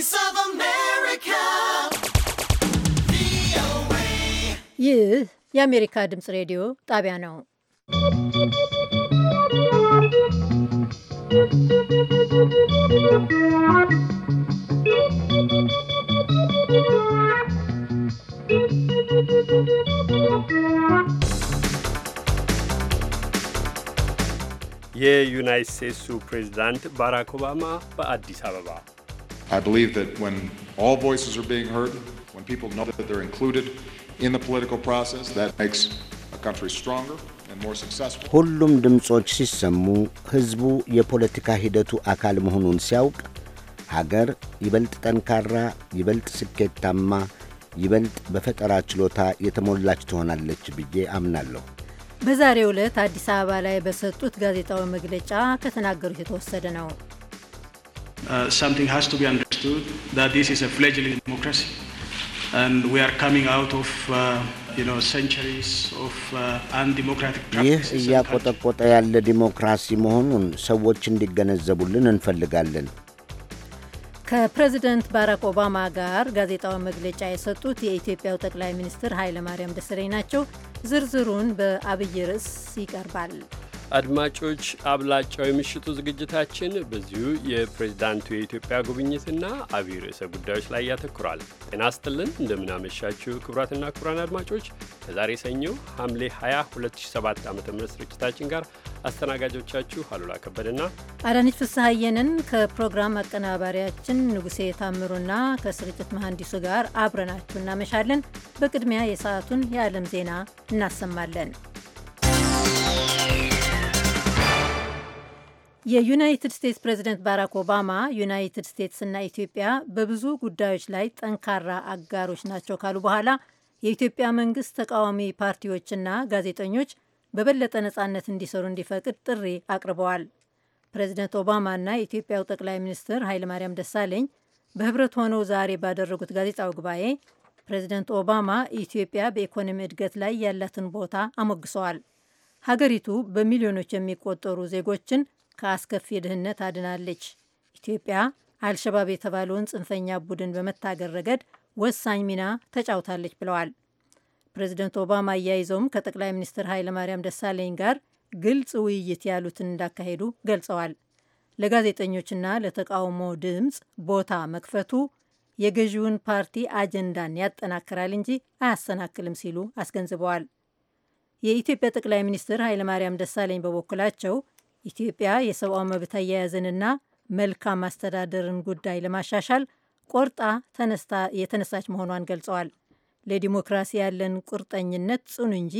Voice of America. ይህ የአሜሪካ ድምፅ ሬዲዮ ጣቢያ ነው። የዩናይት ስቴትሱ ፕሬዝዳንት ባራክ ኦባማ በአዲስ አበባ I believe that when all voices are being heard, when people know that they're included in the political process, that makes a country stronger and more successful. ሁሉም ድምጾች ሲሰሙ ህዝቡ የፖለቲካ ሂደቱ አካል መሆኑን ሲያውቅ ሀገር ይበልጥ ጠንካራ፣ ይበልጥ ስኬታማ፣ ይበልጥ በፈጠራ ችሎታ የተሞላች ትሆናለች ብዬ አምናለሁ። በዛሬው ዕለት አዲስ አበባ ላይ በሰጡት ጋዜጣዊ መግለጫ ከተናገሩት የተወሰደ ነው። Uh, something has to be understood that this is a fledgling democracy. ይህ እያቆጠቆጠ ያለ ዲሞክራሲ መሆኑን ሰዎች እንዲገነዘቡልን እንፈልጋለን። ከፕሬዚደንት ባራክ ኦባማ ጋር ጋዜጣዊ መግለጫ የሰጡት የኢትዮጵያው ጠቅላይ ሚኒስትር ኃይለማርያም ደሰለኝ ናቸው። ዝርዝሩን በአብይ ርዕስ ይቀርባል። አድማጮች አብላጫው የምሽቱ ዝግጅታችን በዚሁ የፕሬዝዳንቱ የኢትዮጵያ ጉብኝትና አብይ ርዕሰ ጉዳዮች ላይ ያተኩራል። ጤና ይስጥልን፣ እንደምናመሻችሁ ክቡራትና ክቡራን አድማጮች ከዛሬ ሰኞ ሐምሌ 20 2007 ዓ ም ስርጭታችን ጋር አስተናጋጆቻችሁ አሉላ ከበደና አዳነች ፍስሐየንን ከፕሮግራም አቀናባሪያችን ንጉሴ ታምሩና ከስርጭት መሐንዲሱ ጋር አብረናችሁ እናመሻለን። በቅድሚያ የሰዓቱን የዓለም ዜና እናሰማለን። የዩናይትድ ስቴትስ ፕሬዚደንት ባራክ ኦባማ ዩናይትድ ስቴትስና ኢትዮጵያ በብዙ ጉዳዮች ላይ ጠንካራ አጋሮች ናቸው ካሉ በኋላ የኢትዮጵያ መንግስት ተቃዋሚ ፓርቲዎችና ጋዜጠኞች በበለጠ ነጻነት እንዲሰሩ እንዲፈቅድ ጥሪ አቅርበዋል። ፕሬዚደንት ኦባማና የኢትዮጵያው ጠቅላይ ሚኒስትር ኃይለማርያም ደሳለኝ በህብረት ሆነው ዛሬ ባደረጉት ጋዜጣዊ ጉባኤ ፕሬዚደንት ኦባማ ኢትዮጵያ በኢኮኖሚ እድገት ላይ ያላትን ቦታ አሞግሰዋል። ሀገሪቱ በሚሊዮኖች የሚቆጠሩ ዜጎችን ከአስከፊ ድህነት አድናለች። ኢትዮጵያ አልሸባብ የተባለውን ጽንፈኛ ቡድን በመታገር ረገድ ወሳኝ ሚና ተጫውታለች ብለዋል። ፕሬዚደንት ኦባማ አያይዘውም ከጠቅላይ ሚኒስትር ኃይለማርያም ደሳለኝ ጋር ግልጽ ውይይት ያሉትን እንዳካሄዱ ገልጸዋል። ለጋዜጠኞችና ለተቃውሞ ድምፅ ቦታ መክፈቱ የገዢውን ፓርቲ አጀንዳን ያጠናክራል እንጂ አያሰናክልም ሲሉ አስገንዝበዋል። የኢትዮጵያ ጠቅላይ ሚኒስትር ኃይለማርያም ደሳለኝ በበኩላቸው ኢትዮጵያ የሰብአዊ መብት አያያዝንና መልካም አስተዳደርን ጉዳይ ለማሻሻል ቆርጣ ተነስታ የተነሳች መሆኗን ገልጸዋል። ለዲሞክራሲ ያለን ቁርጠኝነት ጽኑ እንጂ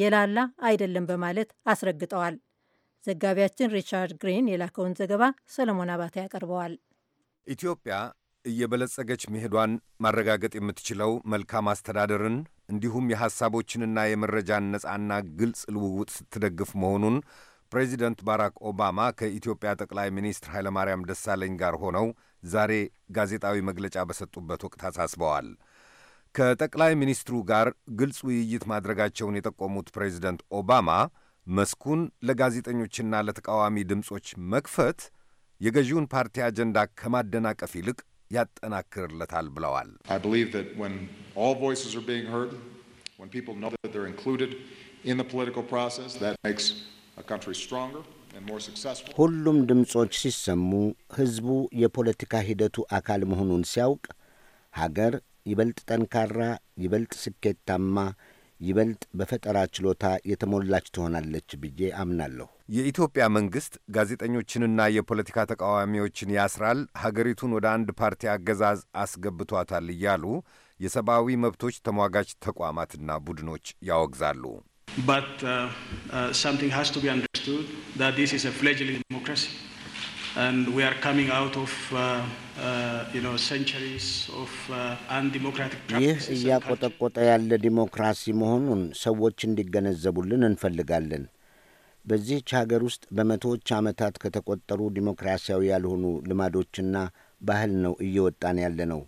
የላላ አይደለም በማለት አስረግጠዋል። ዘጋቢያችን ሪቻርድ ግሪን የላከውን ዘገባ ሰለሞን አባተ ያቀርበዋል። ኢትዮጵያ እየበለጸገች መሄዷን ማረጋገጥ የምትችለው መልካም አስተዳደርን እንዲሁም የሐሳቦችንና የመረጃን ነጻና ግልጽ ልውውጥ ስትደግፍ መሆኑን ፕሬዚደንት ባራክ ኦባማ ከኢትዮጵያ ጠቅላይ ሚኒስትር ኃይለማርያም ደሳለኝ ጋር ሆነው ዛሬ ጋዜጣዊ መግለጫ በሰጡበት ወቅት አሳስበዋል። ከጠቅላይ ሚኒስትሩ ጋር ግልጽ ውይይት ማድረጋቸውን የጠቆሙት ፕሬዚደንት ኦባማ መስኩን ለጋዜጠኞችና ለተቃዋሚ ድምፆች መክፈት የገዢውን ፓርቲ አጀንዳ ከማደናቀፍ ይልቅ ያጠናክርለታል ብለዋል። ሁሉም ድምፆች ሲሰሙ ሕዝቡ የፖለቲካ ሂደቱ አካል መሆኑን ሲያውቅ ሀገር ይበልጥ ጠንካራ፣ ይበልጥ ስኬታማ፣ ይበልጥ በፈጠራ ችሎታ የተሞላች ትሆናለች ብዬ አምናለሁ። የኢትዮጵያ መንግሥት ጋዜጠኞችንና የፖለቲካ ተቃዋሚዎችን ያስራል፣ ሀገሪቱን ወደ አንድ ፓርቲ አገዛዝ አስገብቷታል እያሉ የሰብአዊ መብቶች ተሟጋች ተቋማትና ቡድኖች ያወግዛሉ። but uh, uh, something has to be understood that this is a fledgling democracy and we are coming out of uh, uh, you know, centuries of uh, undemocratic practices ይህ እያቆጠቆጠ ያለ ዲሞክራሲ መሆኑን ሰዎች እንዲገነዘቡልን እንፈልጋለን። በዚህች ሀገር ውስጥ በመቶዎች ዓመታት ከተቆጠሩ ዲሞክራሲያዊ ያልሆኑ ልማዶችና ባህል ነው እየወጣን ያለ ነው።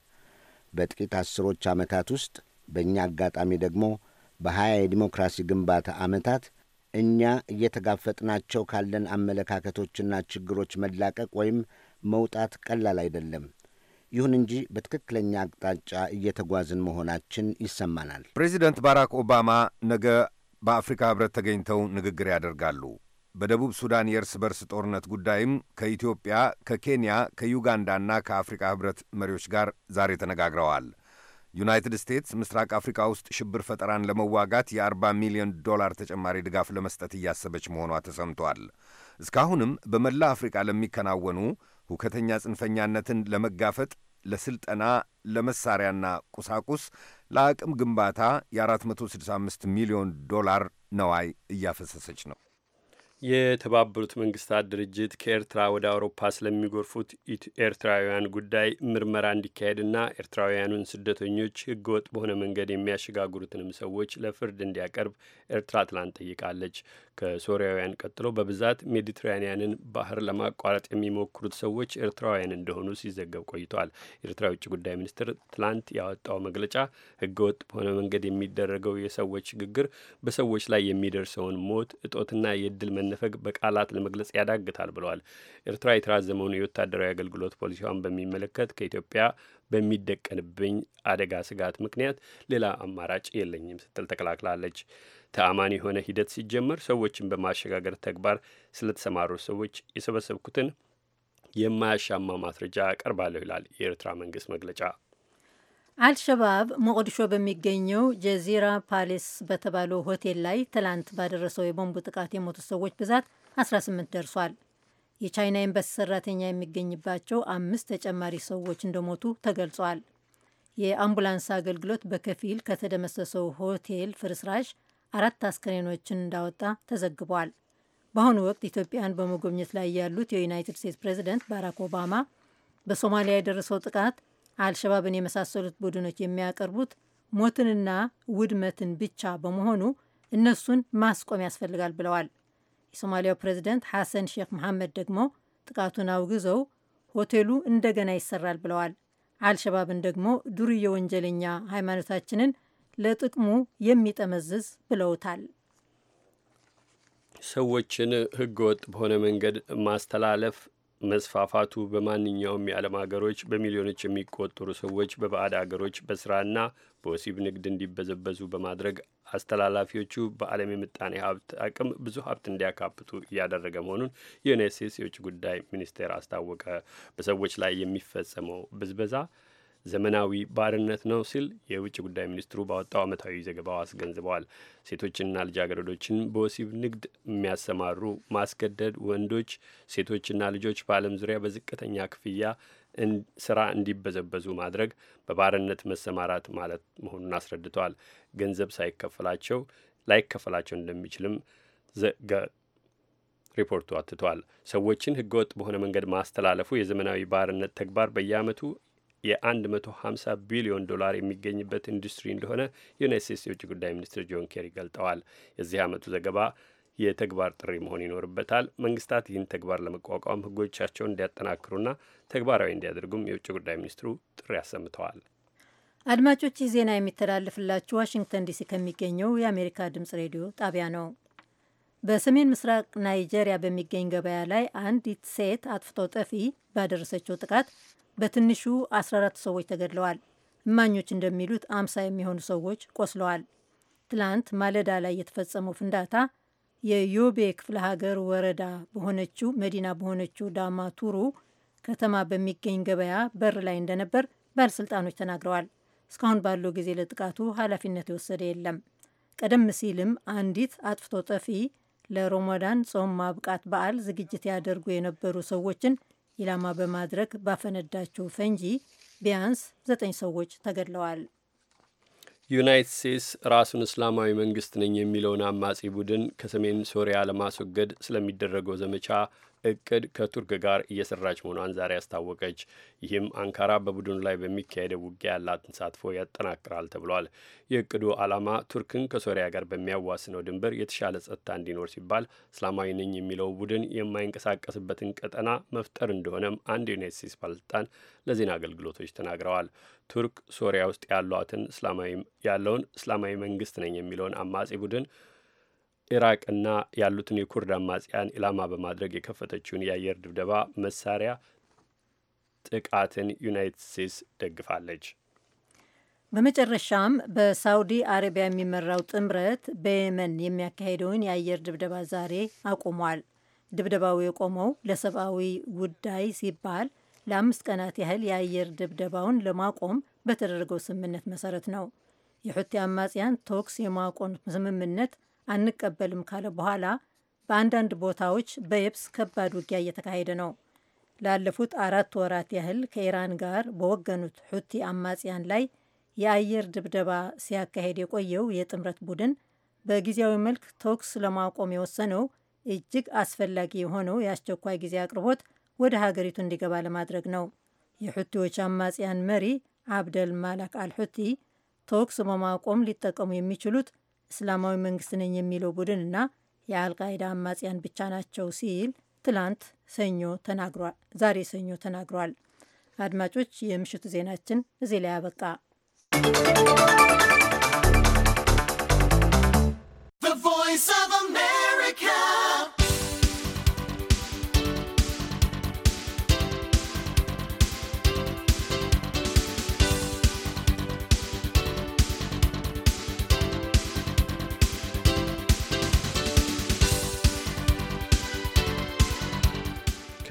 በጥቂት አስሮች ዓመታት ውስጥ በእኛ አጋጣሚ ደግሞ በሀያ የዲሞክራሲ ግንባታ ዓመታት እኛ እየተጋፈጥናቸው ካለን አመለካከቶችና ችግሮች መላቀቅ ወይም መውጣት ቀላል አይደለም። ይሁን እንጂ በትክክለኛ አቅጣጫ እየተጓዝን መሆናችን ይሰማናል። ፕሬዚደንት ባራክ ኦባማ ነገ በአፍሪካ ህብረት ተገኝተው ንግግር ያደርጋሉ። በደቡብ ሱዳን የእርስ በርስ ጦርነት ጉዳይም ከኢትዮጵያ፣ ከኬንያ፣ ከዩጋንዳና ከአፍሪካ ህብረት መሪዎች ጋር ዛሬ ተነጋግረዋል። ዩናይትድ ስቴትስ ምስራቅ አፍሪካ ውስጥ ሽብር ፈጠራን ለመዋጋት የ40 ሚሊዮን ዶላር ተጨማሪ ድጋፍ ለመስጠት እያሰበች መሆኗ ተሰምቷል። እስካሁንም በመላ አፍሪካ ለሚከናወኑ ሁከተኛ ጽንፈኛነትን ለመጋፈጥ ለስልጠና፣ ለመሳሪያና ቁሳቁስ፣ ለአቅም ግንባታ የ465 ሚሊዮን ዶላር ነዋይ እያፈሰሰች ነው። የተባበሩት መንግስታት ድርጅት ከኤርትራ ወደ አውሮፓ ስለሚጎርፉት ኤርትራውያን ጉዳይ ምርመራ እንዲካሄድና ኤርትራውያኑን ስደተኞች ህገወጥ በሆነ መንገድ የሚያሸጋግሩትንም ሰዎች ለፍርድ እንዲያቀርብ ኤርትራ ትላንት ጠይቃለች። ከሶሪያውያን ቀጥሎ በብዛት ሜዲትራኒያንን ባህር ለማቋረጥ የሚሞክሩት ሰዎች ኤርትራውያን እንደሆኑ ሲዘገብ ቆይቷል። የኤርትራ የውጭ ጉዳይ ሚኒስትር ትላንት ያወጣው መግለጫ ህገወጥ በሆነ መንገድ የሚደረገው የሰዎች ሽግግር በሰዎች ላይ የሚደርሰውን ሞት እጦትና የድል ። እንዳሸነፈ በቃላት ለመግለጽ ያዳግታል ብለዋል። ኤርትራ የተራዘመውን የወታደራዊ አገልግሎት ፖሊሲዋን በሚመለከት ከኢትዮጵያ በሚደቀንብኝ አደጋ ስጋት ምክንያት ሌላ አማራጭ የለኝም ስትል ተከላክላለች። ተአማኒ የሆነ ሂደት ሲጀመር ሰዎችን በማሸጋገር ተግባር ስለተሰማሩ ሰዎች የሰበሰብኩትን የማያሻማ ማስረጃ አቀርባለሁ ይላል የኤርትራ መንግስት መግለጫ። አልሸባብ ሞቃዲሾ በሚገኘው ጀዚራ ፓሌስ በተባለው ሆቴል ላይ ትላንት ባደረሰው የቦምብ ጥቃት የሞቱ ሰዎች ብዛት 18 ደርሷል። የቻይና ኤምባሲ ሰራተኛ የሚገኝባቸው አምስት ተጨማሪ ሰዎች እንደሞቱ ተገልጿል። የአምቡላንስ አገልግሎት በከፊል ከተደመሰሰው ሆቴል ፍርስራሽ አራት አስክሬኖችን እንዳወጣ ተዘግቧል። በአሁኑ ወቅት ኢትዮጵያን በመጎብኘት ላይ ያሉት የዩናይትድ ስቴትስ ፕሬዚደንት ባራክ ኦባማ በሶማሊያ የደረሰው ጥቃት አልሸባብን የመሳሰሉት ቡድኖች የሚያቀርቡት ሞትንና ውድመትን ብቻ በመሆኑ እነሱን ማስቆም ያስፈልጋል ብለዋል። የሶማሊያው ፕሬዚደንት ሐሰን ሼክ መሐመድ ደግሞ ጥቃቱን አውግዘው ሆቴሉ እንደገና ይሰራል ብለዋል። አልሸባብን ደግሞ ዱርዬ ወንጀለኛ፣ ሃይማኖታችንን ለጥቅሙ የሚጠመዝዝ ብለውታል። ሰዎችን ህገወጥ በሆነ መንገድ ማስተላለፍ መስፋፋቱ በማንኛውም የዓለም ሀገሮች በሚሊዮኖች የሚቆጠሩ ሰዎች በባዕድ አገሮች በስራና በወሲብ ንግድ እንዲበዘበዙ በማድረግ አስተላላፊዎቹ በዓለም የምጣኔ ሀብት አቅም ብዙ ሀብት እንዲያካብቱ እያደረገ መሆኑን የዩናይት ስቴትስ የውጭ ጉዳይ ሚኒስቴር አስታወቀ። በሰዎች ላይ የሚፈጸመው ብዝበዛ ዘመናዊ ባርነት ነው ሲል የውጭ ጉዳይ ሚኒስትሩ ባወጣው ዓመታዊ ዘገባው አስገንዝበዋል። ሴቶችና ልጃገረዶችን በወሲብ ንግድ የሚያሰማሩ ማስገደድ ወንዶች ሴቶችና ልጆች በዓለም ዙሪያ በዝቅተኛ ክፍያ ስራ እንዲበዘበዙ ማድረግ በባርነት መሰማራት ማለት መሆኑን አስረድተዋል። ገንዘብ ሳይከፈላቸው ላይከፈላቸው እንደሚችልም ሪፖርቱ አትቷል። ሰዎችን ህገወጥ በሆነ መንገድ ማስተላለፉ የዘመናዊ ባርነት ተግባር በየዓመቱ የ150 ቢሊዮን ዶላር የሚገኝበት ኢንዱስትሪ እንደሆነ የዩናይት ስቴትስ የውጭ ጉዳይ ሚኒስትር ጆን ኬሪ ገልጠዋል። የዚህ ዓመቱ ዘገባ የተግባር ጥሪ መሆን ይኖርበታል። መንግስታት ይህን ተግባር ለመቋቋም ህጎቻቸውን እንዲያጠናክሩና ተግባራዊ እንዲያደርጉም የውጭ ጉዳይ ሚኒስትሩ ጥሪ አሰምተዋል። አድማጮች፣ ይህ ዜና የሚተላለፍላችሁ ዋሽንግተን ዲሲ ከሚገኘው የአሜሪካ ድምጽ ሬዲዮ ጣቢያ ነው። በሰሜን ምስራቅ ናይጄሪያ በሚገኝ ገበያ ላይ አንዲት ሴት አጥፍቶ ጠፊ ባደረሰችው ጥቃት በትንሹ 14 ሰዎች ተገድለዋል። እማኞች እንደሚሉት አምሳ የሚሆኑ ሰዎች ቆስለዋል። ትላንት ማለዳ ላይ የተፈጸመው ፍንዳታ የዮቤ ክፍለ ሀገር ወረዳ በሆነችው መዲና በሆነችው ዳማቱሩ ከተማ በሚገኝ ገበያ በር ላይ እንደነበር ባለሥልጣኖች ተናግረዋል። እስካሁን ባለው ጊዜ ለጥቃቱ ኃላፊነት የወሰደ የለም። ቀደም ሲልም አንዲት አጥፍቶ ጠፊ ለሮሞዳን ጾም ማብቃት በዓል ዝግጅት ያደርጉ የነበሩ ሰዎችን ኢላማ በማድረግ ባፈነዳቸው ፈንጂ ቢያንስ ዘጠኝ ሰዎች ተገድለዋል። ዩናይትድ ስቴትስ ራሱን እስላማዊ መንግስት ነኝ የሚለውን አማጺ ቡድን ከሰሜን ሶሪያ ለማስወገድ ስለሚደረገው ዘመቻ እቅድ ከቱርክ ጋር እየሰራች መሆኗን ዛሬ አስታወቀች። ይህም አንካራ በቡድኑ ላይ በሚካሄደው ውጊያ ያላትን ተሳትፎ ያጠናክራል ተብሏል። የእቅዱ ዓላማ ቱርክን ከሶሪያ ጋር በሚያዋስነው ድንበር የተሻለ ጸጥታ እንዲኖር ሲባል እስላማዊ ነኝ የሚለው ቡድን የማይንቀሳቀስበትን ቀጠና መፍጠር እንደሆነም አንድ የዩናይት ስቴትስ ባለስልጣን ለዜና አገልግሎቶች ተናግረዋል። ቱርክ ሶሪያ ውስጥ ያሏትን ያለውን እስላማዊ መንግስት ነኝ የሚለውን አማጼ ቡድን ኢራቅና ያሉትን የኩርድ አማጽያን ኢላማ በማድረግ የከፈተችውን የአየር ድብደባ መሳሪያ ጥቃትን ዩናይትድ ስቴትስ ደግፋለች። በመጨረሻም በሳውዲ አረቢያ የሚመራው ጥምረት በየመን የሚያካሄደውን የአየር ድብደባ ዛሬ አቁሟል። ድብደባው የቆመው ለሰብአዊ ጉዳይ ሲባል ለአምስት ቀናት ያህል የአየር ድብደባውን ለማቆም በተደረገው ስምምነት መሰረት ነው። የሑቲ አማጽያን ቶክስ የማቆም ስምምነት አንቀበልም ካለ በኋላ በአንዳንድ ቦታዎች በየብስ ከባድ ውጊያ እየተካሄደ ነው። ላለፉት አራት ወራት ያህል ከኢራን ጋር በወገኑት ሑቲ አማጽያን ላይ የአየር ድብደባ ሲያካሄድ የቆየው የጥምረት ቡድን በጊዜያዊ መልክ ተኩስ ለማቆም የወሰነው እጅግ አስፈላጊ የሆነው የአስቸኳይ ጊዜ አቅርቦት ወደ ሀገሪቱ እንዲገባ ለማድረግ ነው። የሑቲዎች አማጽያን መሪ አብደል ማላክ አልሑቲ ተኩስ በማቆም ሊጠቀሙ የሚችሉት እስላማዊ መንግስት ነኝ የሚለው ቡድን እና የአልቃይዳ አማጽያን ብቻ ናቸው ሲል ትላንት ሰኞ ተናግሯል። ዛሬ ሰኞ ተናግሯል። አድማጮች፣ የምሽቱ ዜናችን እዚህ ላይ አበቃ። ቮይስ ኦፍ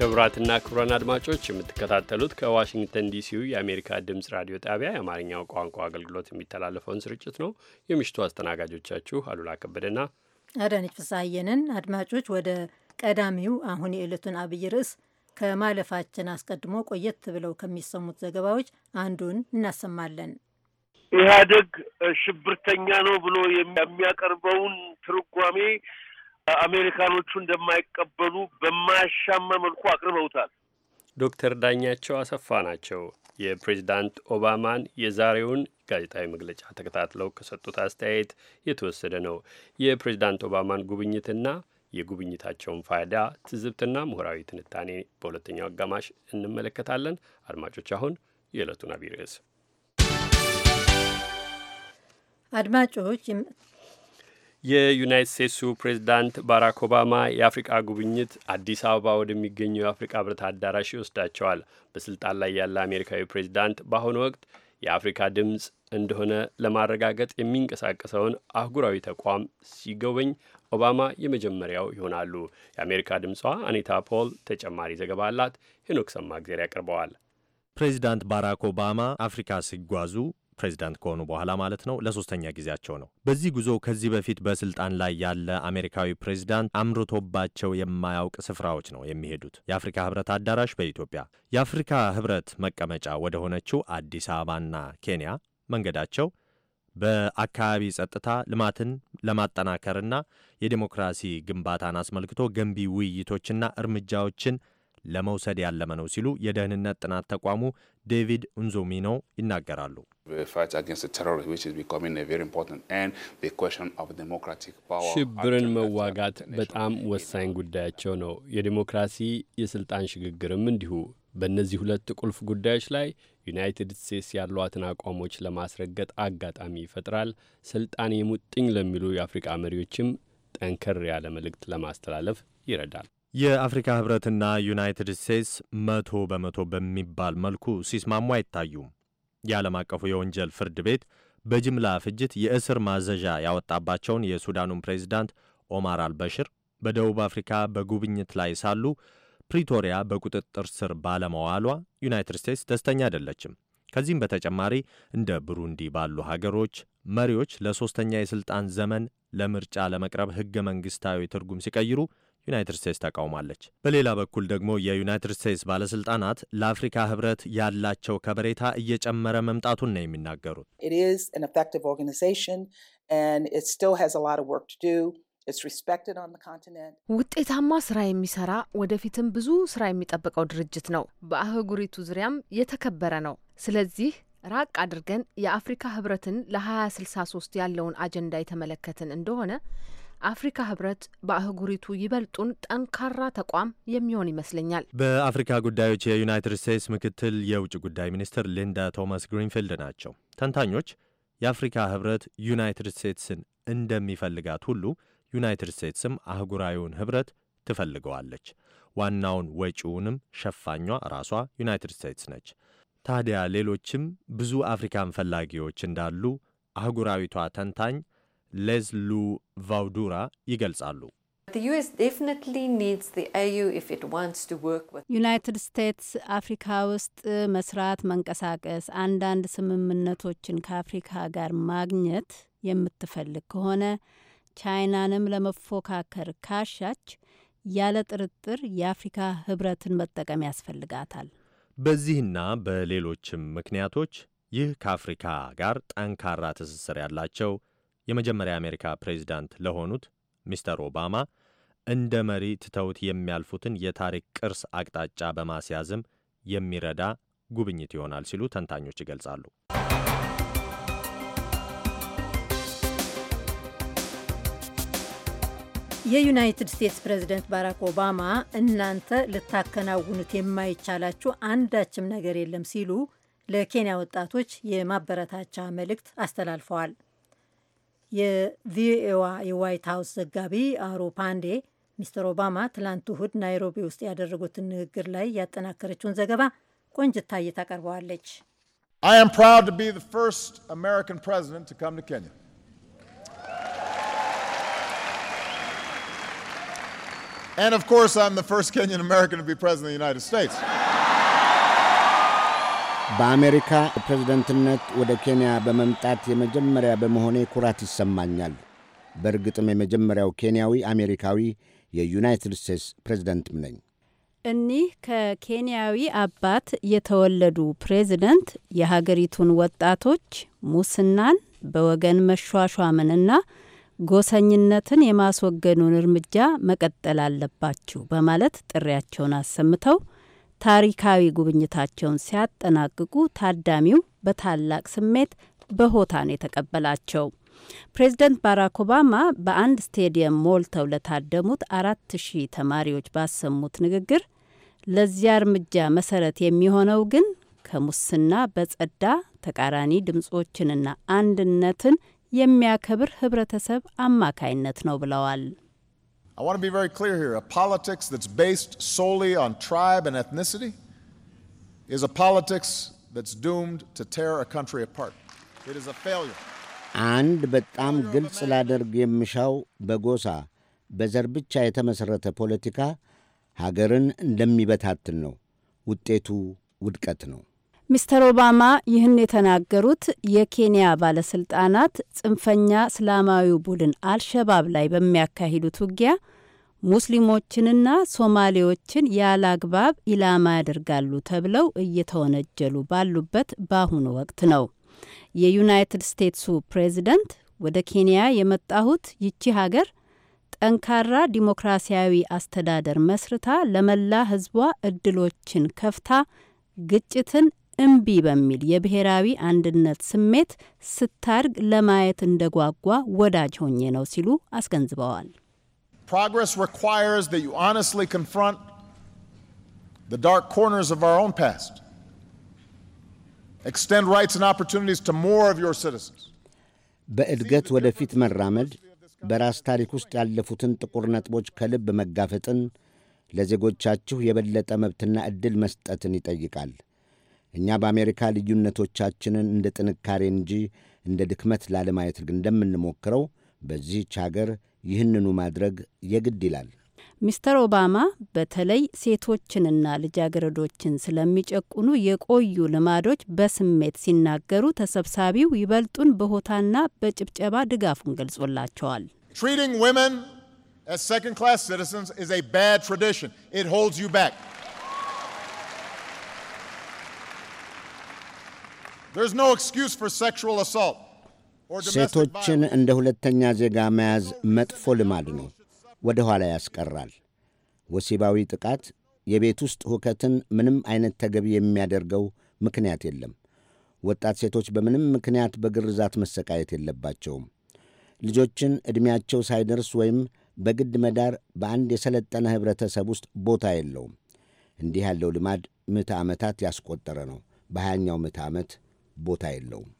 ክቡራትና ክቡራን አድማጮች የምትከታተሉት ከዋሽንግተን ዲሲው የአሜሪካ ድምፅ ራዲዮ ጣቢያ የአማርኛው ቋንቋ አገልግሎት የሚተላለፈውን ስርጭት ነው። የምሽቱ አስተናጋጆቻችሁ አሉላ ከበደና አዳነች ፍስሐየንን። አድማጮች ወደ ቀዳሚው አሁን የዕለቱን አብይ ርዕስ ከማለፋችን አስቀድሞ ቆየት ብለው ከሚሰሙት ዘገባዎች አንዱን እናሰማለን። ኢህአደግ ሽብርተኛ ነው ብሎ የሚያቀርበውን ትርጓሜ አሜሪካኖቹ እንደማይቀበሉ በማያሻማ መልኩ አቅርበውታል። ዶክተር ዳኛቸው አሰፋ ናቸው የፕሬዚዳንት ኦባማን የዛሬውን ጋዜጣዊ መግለጫ ተከታትለው ከሰጡት አስተያየት የተወሰደ ነው። የፕሬዚዳንት ኦባማን ጉብኝትና የጉብኝታቸውን ፋይዳ ትዝብትና ምሁራዊ ትንታኔ በሁለተኛው አጋማሽ እንመለከታለን። አድማጮች አሁን የዕለቱን አብይ ርዕስ አድማጮች የዩናይት ስቴትሱ ፕሬዚዳንት ባራክ ኦባማ የአፍሪቃ ጉብኝት አዲስ አበባ ወደሚገኘው የአፍሪቃ ህብረት አዳራሽ ይወስዳቸዋል። በስልጣን ላይ ያለ አሜሪካዊ ፕሬዚዳንት በአሁኑ ወቅት የአፍሪካ ድምፅ እንደሆነ ለማረጋገጥ የሚንቀሳቀሰውን አህጉራዊ ተቋም ሲጎበኝ ኦባማ የመጀመሪያው ይሆናሉ። የአሜሪካ ድምጿ አኒታ ፖል ተጨማሪ ዘገባ አላት። ሄኖክ ሰማግዜር ያቀርበዋል። ፕሬዚዳንት ባራክ ኦባማ አፍሪካ ሲጓዙ ፕሬዚዳንት ከሆኑ በኋላ ማለት ነው። ለሶስተኛ ጊዜያቸው ነው። በዚህ ጉዞ ከዚህ በፊት በስልጣን ላይ ያለ አሜሪካዊ ፕሬዚዳንት አምርቶባቸው የማያውቅ ስፍራዎች ነው የሚሄዱት። የአፍሪካ ህብረት አዳራሽ በኢትዮጵያ የአፍሪካ ህብረት መቀመጫ ወደ ሆነችው አዲስ አበባና ኬንያ መንገዳቸው በአካባቢ ጸጥታ ልማትን ለማጠናከርና የዴሞክራሲ ግንባታን አስመልክቶ ገንቢ ውይይቶችና እርምጃዎችን ለመውሰድ ያለመ ነው ሲሉ የደህንነት ጥናት ተቋሙ ዴቪድ ኡንዞሚኖ ይናገራሉ። ሽብርን መዋጋት በጣም ወሳኝ ጉዳያቸው ነው። የዲሞክራሲ የስልጣን ሽግግርም እንዲሁ። በእነዚህ ሁለት ቁልፍ ጉዳዮች ላይ ዩናይትድ ስቴትስ ያሏትን አቋሞች ለማስረገጥ አጋጣሚ ይፈጥራል። ስልጣን የሙጥኝ ለሚሉ የአፍሪቃ መሪዎችም ጠንከር ያለ መልእክት ለማስተላለፍ ይረዳል። የአፍሪካ ህብረትና ዩናይትድ ስቴትስ መቶ በመቶ በሚባል መልኩ ሲስማሙ አይታዩም። የዓለም አቀፉ የወንጀል ፍርድ ቤት በጅምላ ፍጅት የእስር ማዘዣ ያወጣባቸውን የሱዳኑን ፕሬዚዳንት ኦማር አልበሽር በደቡብ አፍሪካ በጉብኝት ላይ ሳሉ ፕሪቶሪያ በቁጥጥር ስር ባለመዋሏ ዩናይትድ ስቴትስ ደስተኛ አይደለችም። ከዚህም በተጨማሪ እንደ ብሩንዲ ባሉ ሀገሮች መሪዎች ለሦስተኛ የሥልጣን ዘመን ለምርጫ ለመቅረብ ሕገ መንግሥታዊ ትርጉም ሲቀይሩ ዩናይትድ ስቴትስ ተቃውማለች። በሌላ በኩል ደግሞ የዩናይትድ ስቴትስ ባለስልጣናት ለአፍሪካ ህብረት ያላቸው ከበሬታ እየጨመረ መምጣቱን ነው የሚናገሩት። ውጤታማ ስራ የሚሰራ ወደፊትም ብዙ ስራ የሚጠብቀው ድርጅት ነው። በአህጉሪቱ ዙሪያም የተከበረ ነው። ስለዚህ ራቅ አድርገን የአፍሪካ ህብረትን ለ2063 ያለውን አጀንዳ የተመለከትን እንደሆነ አፍሪካ ህብረት በአህጉሪቱ ይበልጡን ጠንካራ ተቋም የሚሆን ይመስለኛል። በአፍሪካ ጉዳዮች የዩናይትድ ስቴትስ ምክትል የውጭ ጉዳይ ሚኒስትር ሊንዳ ቶማስ ግሪንፊልድ ናቸው። ተንታኞች የአፍሪካ ህብረት ዩናይትድ ስቴትስን እንደሚፈልጋት ሁሉ ዩናይትድ ስቴትስም አህጉራዊውን ህብረት ትፈልገዋለች። ዋናውን ወጪውንም ሸፋኟ ራሷ ዩናይትድ ስቴትስ ነች። ታዲያ ሌሎችም ብዙ አፍሪካን ፈላጊዎች እንዳሉ አህጉራዊቷ ተንታኝ ሌዝሉ ቫውዱራ ይገልጻሉ። ዩናይትድ ስቴትስ አፍሪካ ውስጥ መስራት፣ መንቀሳቀስ፣ አንዳንድ ስምምነቶችን ከአፍሪካ ጋር ማግኘት የምትፈልግ ከሆነ ቻይናንም ለመፎካከር ካሻች ያለ ጥርጥር የአፍሪካ ህብረትን መጠቀም ያስፈልጋታል። በዚህና በሌሎችም ምክንያቶች ይህ ከአፍሪካ ጋር ጠንካራ ትስስር ያላቸው የመጀመሪያ የአሜሪካ ፕሬዚዳንት ለሆኑት ሚስተር ኦባማ እንደ መሪ ትተውት የሚያልፉትን የታሪክ ቅርስ አቅጣጫ በማስያዝም የሚረዳ ጉብኝት ይሆናል ሲሉ ተንታኞች ይገልጻሉ። የዩናይትድ ስቴትስ ፕሬዚደንት ባራክ ኦባማ እናንተ ልታከናውኑት የማይቻላችሁ አንዳችም ነገር የለም ሲሉ ለኬንያ ወጣቶች የማበረታቻ መልእክት አስተላልፈዋል። የቪኦኤዋ የዋይት ሀውስ ዘጋቢ አሮ ፓንዴ ሚስተር ኦባማ ትላንት እሁድ ናይሮቢ ውስጥ ያደረጉትን ንግግር ላይ ያጠናከረችውን ዘገባ ቆንጅታ እየታቀርበዋለች። And of course, I'm the first Kenyan American to be president of the United States. በአሜሪካ ፕሬዝደንትነት ወደ ኬንያ በመምጣት የመጀመሪያ በመሆኔ ኩራት ይሰማኛል። በእርግጥም የመጀመሪያው ኬንያዊ አሜሪካዊ የዩናይትድ ስቴትስ ፕሬዝደንትም ነኝ። እኒህ ከኬንያዊ አባት የተወለዱ ፕሬዝደንት የሀገሪቱን ወጣቶች ሙስናን፣ በወገን መሿሿምንና ጎሰኝነትን የማስወገዱን እርምጃ መቀጠል አለባችሁ በማለት ጥሪያቸውን አሰምተው ታሪካዊ ጉብኝታቸውን ሲያጠናቅቁ ታዳሚው በታላቅ ስሜት በሆታ ነው የተቀበላቸው። ፕሬዚደንት ባራክ ኦባማ በአንድ ስቴዲየም ሞልተው ለታደሙት አራት ሺህ ተማሪዎች ባሰሙት ንግግር ለዚያ እርምጃ መሰረት የሚሆነው ግን ከሙስና በጸዳ ተቃራኒ ድምጾችንና አንድነትን የሚያከብር ህብረተሰብ አማካይነት ነው ብለዋል። I want to be very clear here. A politics that's based solely on tribe and ethnicity is a politics that's doomed to tear a country apart. It is a failure. አንድ በጣም ግልጽ ላደርግ የምሻው በጎሳ በዘር ብቻ የተመሠረተ ፖለቲካ ሀገርን እንደሚበታትን ነው። ውጤቱ ውድቀት ነው። ሚስተር ኦባማ ይህን የተናገሩት የኬንያ ባለስልጣናት ጽንፈኛ እስላማዊው ቡድን አልሸባብ ላይ በሚያካሂዱት ውጊያ ሙስሊሞችንና ሶማሌዎችን ያለ አግባብ ኢላማ ያደርጋሉ ተብለው እየተወነጀሉ ባሉበት በአሁኑ ወቅት ነው። የዩናይትድ ስቴትሱ ፕሬዚደንት ወደ ኬንያ የመጣሁት ይቺ ሀገር ጠንካራ ዲሞክራሲያዊ አስተዳደር መስርታ ለመላ ሕዝቧ እድሎችን ከፍታ ግጭትን እምቢ በሚል የብሔራዊ አንድነት ስሜት ስታድግ ለማየት እንደጓጓ ወዳጅ ሆኜ ነው ሲሉ አስገንዝበዋል። በእድገት ወደፊት መራመድ በራስ ታሪክ ውስጥ ያለፉትን ጥቁር ነጥቦች ከልብ መጋፈጥን፣ ለዜጎቻችሁ የበለጠ መብትና ዕድል መስጠትን ይጠይቃል። እኛ በአሜሪካ ልዩነቶቻችንን እንደ ጥንካሬ እንጂ እንደ ድክመት ላለማየት እንደምንሞክረው በዚህች ሀገር ይህንኑ ማድረግ የግድ ይላል። ሚስተር ኦባማ በተለይ ሴቶችንና ልጃገረዶችን ስለሚጨቁኑ የቆዩ ልማዶች በስሜት ሲናገሩ ተሰብሳቢው ይበልጡን በሆታና በጭብጨባ ድጋፉን ገልጾላቸዋል። ትሪቲንግ ወመን አስ ሰኮንድ ክላስ ሲቲዘንስ ኢዝ አ ባድ ትራዲሽን ኢት ሆልድስ ዩ ባክ ሴቶችን እንደ ሁለተኛ ዜጋ መያዝ መጥፎ ልማድ ነው፣ ወደ ኋላ ያስቀራል። ወሲባዊ ጥቃት፣ የቤት ውስጥ ሁከትን ምንም አይነት ተገቢ የሚያደርገው ምክንያት የለም። ወጣት ሴቶች በምንም ምክንያት በግርዛት መሰቃየት የለባቸውም። ልጆችን ዕድሜያቸው ሳይደርስ ወይም በግድ መዳር በአንድ የሰለጠነ ኅብረተሰብ ውስጥ ቦታ የለውም። እንዲህ ያለው ልማድ ምዕተ ዓመታት ያስቆጠረ ነው። በሀያኛው ምዕተ ዓመት ቦታ የለውም።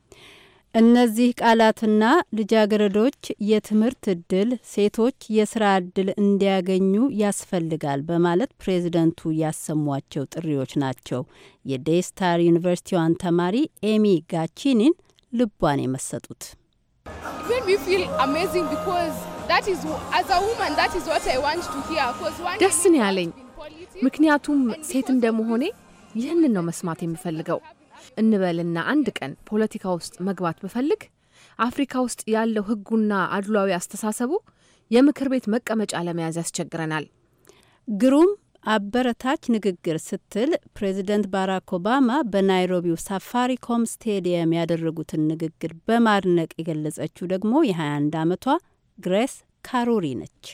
እነዚህ ቃላትና ልጃገረዶች የትምህርት እድል፣ ሴቶች የስራ እድል እንዲያገኙ ያስፈልጋል በማለት ፕሬዝደንቱ ያሰሟቸው ጥሪዎች ናቸው። የዴስታር ዩኒቨርሲቲዋን ተማሪ ኤሚ ጋቺኒን ልቧን የመሰጡት ደስን ያለኝ፣ ምክንያቱም ሴት እንደመሆኔ ይህንን ነው መስማት የምፈልገው እንበልና አንድ ቀን ፖለቲካ ውስጥ መግባት ብፈልግ አፍሪካ ውስጥ ያለው ህጉና አድሏዊ አስተሳሰቡ የምክር ቤት መቀመጫ ለመያዝ ያስቸግረናል። ግሩም አበረታች ንግግር ስትል ፕሬዚደንት ባራክ ኦባማ በናይሮቢው ሳፋሪኮም ስቴዲየም ያደረጉትን ንግግር በማድነቅ የገለጸችው ደግሞ የ21 ዓመቷ ግሬስ ካሩሪ ነች።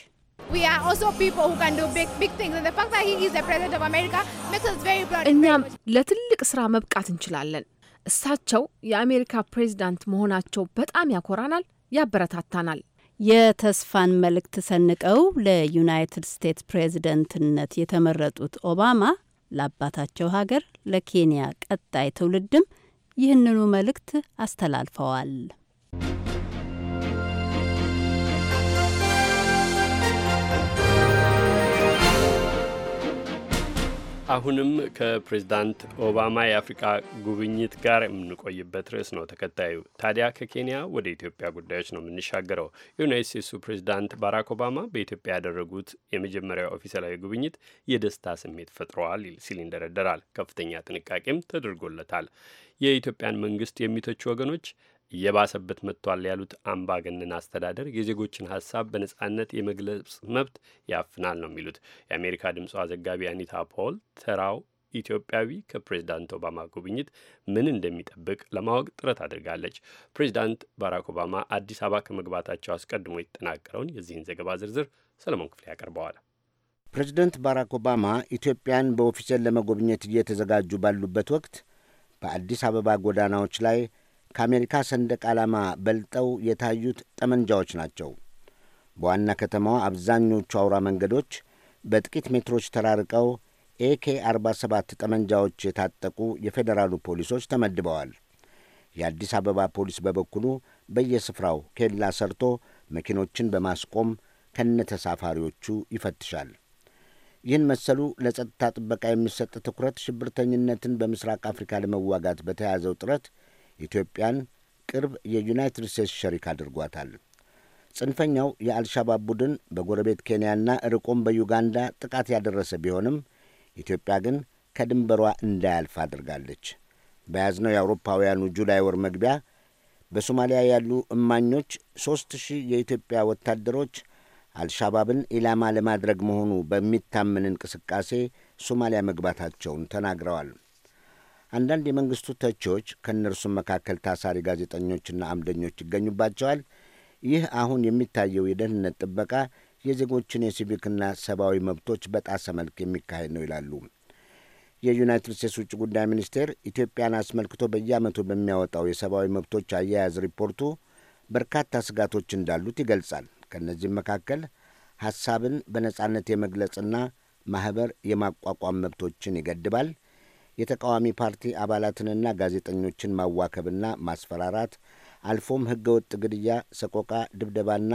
እኛም ለትልቅ ስራ መብቃት እንችላለን። እሳቸው የአሜሪካ ፕሬዚዳንት መሆናቸው በጣም ያኮራናል፣ ያበረታታናል። የተስፋን መልእክት ሰንቀው ለዩናይትድ ስቴትስ ፕሬዝደንትነት የተመረጡት ኦባማ ለአባታቸው ሀገር ለኬንያ ቀጣይ ትውልድም ይህንኑ መልእክት አስተላልፈዋል። አሁንም ከፕሬዝዳንት ኦባማ የአፍሪቃ ጉብኝት ጋር የምንቆይበት ርዕስ ነው ተከታዩ። ታዲያ ከኬንያ ወደ ኢትዮጵያ ጉዳዮች ነው የምንሻገረው። የዩናይት ስቴትሱ ፕሬዝዳንት ባራክ ኦባማ በኢትዮጵያ ያደረጉት የመጀመሪያው ኦፊሴላዊ ጉብኝት የደስታ ስሜት ፈጥረዋል ሲል ይንደረደራል። ከፍተኛ ጥንቃቄም ተደርጎለታል። የኢትዮጵያን መንግስት የሚተቹ ወገኖች እየባሰበት መጥቷል ያሉት አምባገነን አስተዳደር የዜጎችን ሀሳብ በነጻነት የመግለጽ መብት ያፍናል ነው የሚሉት የአሜሪካ ድምጿ ዘጋቢ አኒታ ፖል ተራው ኢትዮጵያዊ ከፕሬዝዳንት ኦባማ ጉብኝት ምን እንደሚጠብቅ ለማወቅ ጥረት አድርጋለች። ፕሬዝዳንት ባራክ ኦባማ አዲስ አበባ ከመግባታቸው አስቀድሞ የተጠናቀረውን የዚህን ዘገባ ዝርዝር ሰለሞን ክፍሌ ያቀርበዋል። ፕሬዝደንት ባራክ ኦባማ ኢትዮጵያን በኦፊሴል ለመጎብኘት እየተዘጋጁ ባሉበት ወቅት በአዲስ አበባ ጎዳናዎች ላይ ከአሜሪካ ሰንደቅ ዓላማ በልጠው የታዩት ጠመንጃዎች ናቸው። በዋና ከተማዋ አብዛኞቹ አውራ መንገዶች በጥቂት ሜትሮች ተራርቀው ኤኬ 47 ጠመንጃዎች የታጠቁ የፌዴራሉ ፖሊሶች ተመድበዋል። የአዲስ አበባ ፖሊስ በበኩሉ በየስፍራው ኬላ ሰርቶ መኪኖችን በማስቆም ከነተሳፋሪዎቹ ይፈትሻል። ይህን መሰሉ ለጸጥታ ጥበቃ የሚሰጥ ትኩረት ሽብርተኝነትን በምስራቅ አፍሪካ ለመዋጋት በተያዘው ጥረት ኢትዮጵያን ቅርብ የዩናይትድ ስቴትስ ሸሪክ አድርጓታል። ጽንፈኛው የአልሻባብ ቡድን በጎረቤት ኬንያና ርቆም በዩጋንዳ ጥቃት ያደረሰ ቢሆንም ኢትዮጵያ ግን ከድንበሯ እንዳያልፍ አድርጋለች። በያዝነው የአውሮፓውያኑ ጁላይ ወር መግቢያ በሶማሊያ ያሉ እማኞች ሦስት ሺህ የኢትዮጵያ ወታደሮች አልሻባብን ኢላማ ለማድረግ መሆኑ በሚታመን እንቅስቃሴ ሶማሊያ መግባታቸውን ተናግረዋል። አንዳንድ የመንግስቱ ተቺዎች ከእነርሱም መካከል ታሳሪ ጋዜጠኞችና አምደኞች ይገኙባቸዋል። ይህ አሁን የሚታየው የደህንነት ጥበቃ የዜጎችን የሲቪክና ሰብአዊ መብቶች በጣሰ መልክ የሚካሄድ ነው ይላሉ። የዩናይትድ ስቴትስ ውጭ ጉዳይ ሚኒስቴር ኢትዮጵያን አስመልክቶ በየዓመቱ በሚያወጣው የሰብአዊ መብቶች አያያዝ ሪፖርቱ በርካታ ስጋቶች እንዳሉት ይገልጻል። ከእነዚህም መካከል ሐሳብን በነጻነት የመግለጽና ማኅበር የማቋቋም መብቶችን ይገድባል። የተቃዋሚ ፓርቲ አባላትንና ጋዜጠኞችን ማዋከብና ማስፈራራት አልፎም ህገወጥ ግድያ፣ ሰቆቃ፣ ድብደባና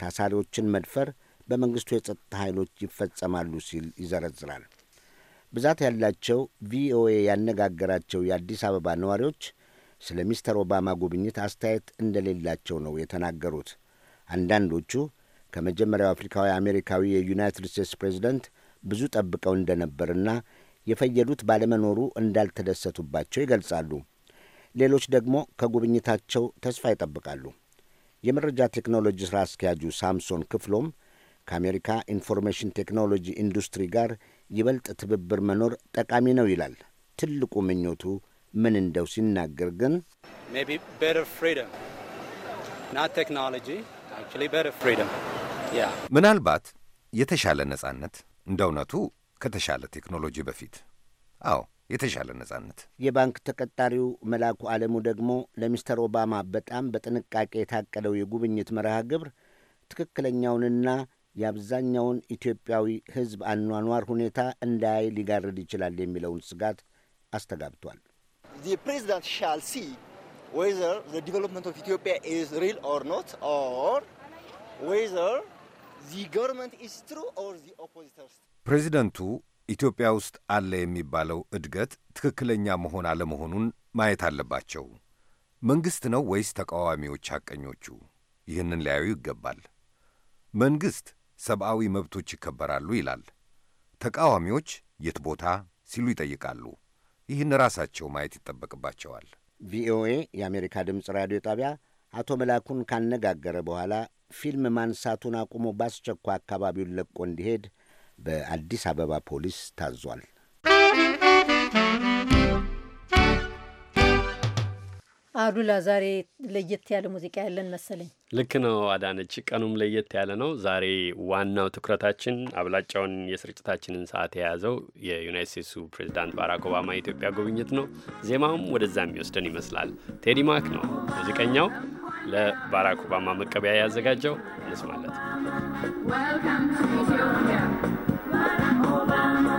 ታሳሪዎችን መድፈር በመንግስቱ የጸጥታ ኃይሎች ይፈጸማሉ ሲል ይዘረዝራል። ብዛት ያላቸው ቪኦኤ ያነጋገራቸው የአዲስ አበባ ነዋሪዎች ስለ ሚስተር ኦባማ ጉብኝት አስተያየት እንደሌላቸው ነው የተናገሩት። አንዳንዶቹ ከመጀመሪያው አፍሪካዊ አሜሪካዊ የዩናይትድ ስቴትስ ፕሬዚደንት ብዙ ጠብቀው እንደነበርና የፈየዱት ባለመኖሩ እንዳልተደሰቱባቸው ይገልጻሉ። ሌሎች ደግሞ ከጉብኝታቸው ተስፋ ይጠብቃሉ። የመረጃ ቴክኖሎጂ ሥራ አስኪያጁ ሳምሶን ክፍሎም ከአሜሪካ ኢንፎርሜሽን ቴክኖሎጂ ኢንዱስትሪ ጋር ይበልጥ ትብብር መኖር ጠቃሚ ነው ይላል። ትልቁ ምኞቱ ምን እንደው ሲናገር ግን ምናልባት የተሻለ ነጻነት እንደ እውነቱ ከተሻለ ቴክኖሎጂ በፊት አዎ፣ የተሻለ ነጻነት። የባንክ ተቀጣሪው መላኩ አለሙ ደግሞ ለሚስተር ኦባማ በጣም በጥንቃቄ የታቀደው የጉብኝት መርሃ ግብር ትክክለኛውንና የአብዛኛውን ኢትዮጵያዊ ሕዝብ አኗኗር ሁኔታ እንዳያይ ሊጋርድ ይችላል የሚለውን ስጋት አስተጋብቷል። ፕሬዚዳንት ሻል ሲ ዌዘር ዲቨሎፕመንት ኦፍ ኢትዮጵያ ኢዝ ሪል ኦር ኖት ኦር ዘ ገቨርንመንት ኢዝ ትሩ ኦር ዘ ኦፖዚተርስ ፕሬዚደንቱ ኢትዮጵያ ውስጥ አለ የሚባለው እድገት ትክክለኛ መሆን አለመሆኑን ማየት አለባቸው። መንግሥት ነው ወይስ ተቃዋሚዎች ሐቀኞቹ? ይህንን ሊያዩ ይገባል። መንግሥት ሰብአዊ መብቶች ይከበራሉ ይላል፣ ተቃዋሚዎች የት ቦታ ሲሉ ይጠይቃሉ። ይህን ራሳቸው ማየት ይጠበቅባቸዋል። ቪኦኤ የአሜሪካ ድምፅ ራዲዮ ጣቢያ አቶ መላኩን ካነጋገረ በኋላ ፊልም ማንሳቱን አቁሞ በአስቸኳይ አካባቢውን ለቆ እንዲሄድ በአዲስ አበባ ፖሊስ ታዟል። አሉላ ዛሬ ለየት ያለ ሙዚቃ ያለን መሰለኝ። ልክ ነው አዳነች፣ ቀኑም ለየት ያለ ነው። ዛሬ ዋናው ትኩረታችን አብላጫውን የስርጭታችንን ሰዓት የያዘው የዩናይት ስቴትሱ ፕሬዚዳንት ባራክ ኦባማ የኢትዮጵያ ጉብኝት ነው። ዜማውም ወደዛ የሚወስደን ይመስላል። ቴዲ ማክ ነው ሙዚቀኛው፣ ለባራክ ኦባማ መቀበያ ያዘጋጀው ንስ ማለት Obama.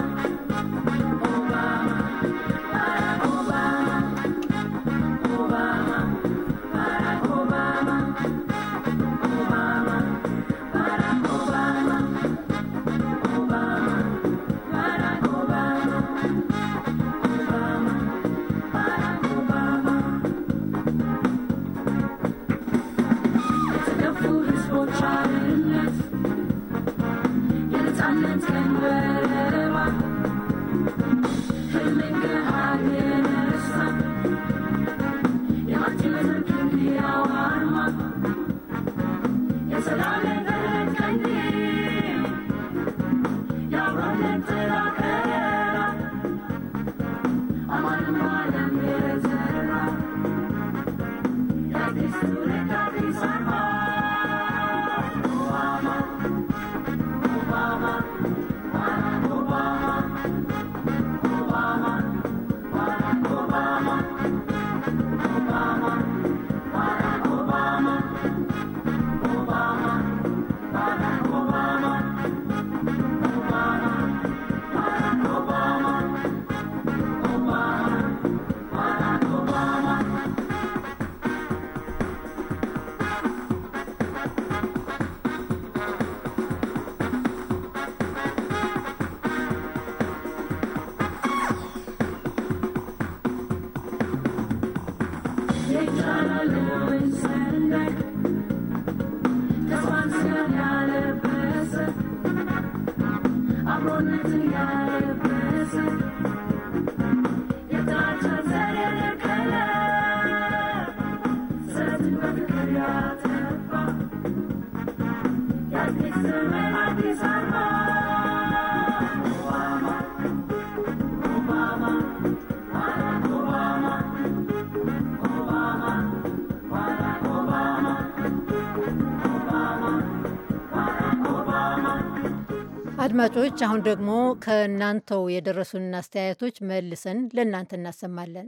አድማጮች፣ አሁን ደግሞ ከእናንተው የደረሱንን አስተያየቶች መልሰን ለእናንተ እናሰማለን።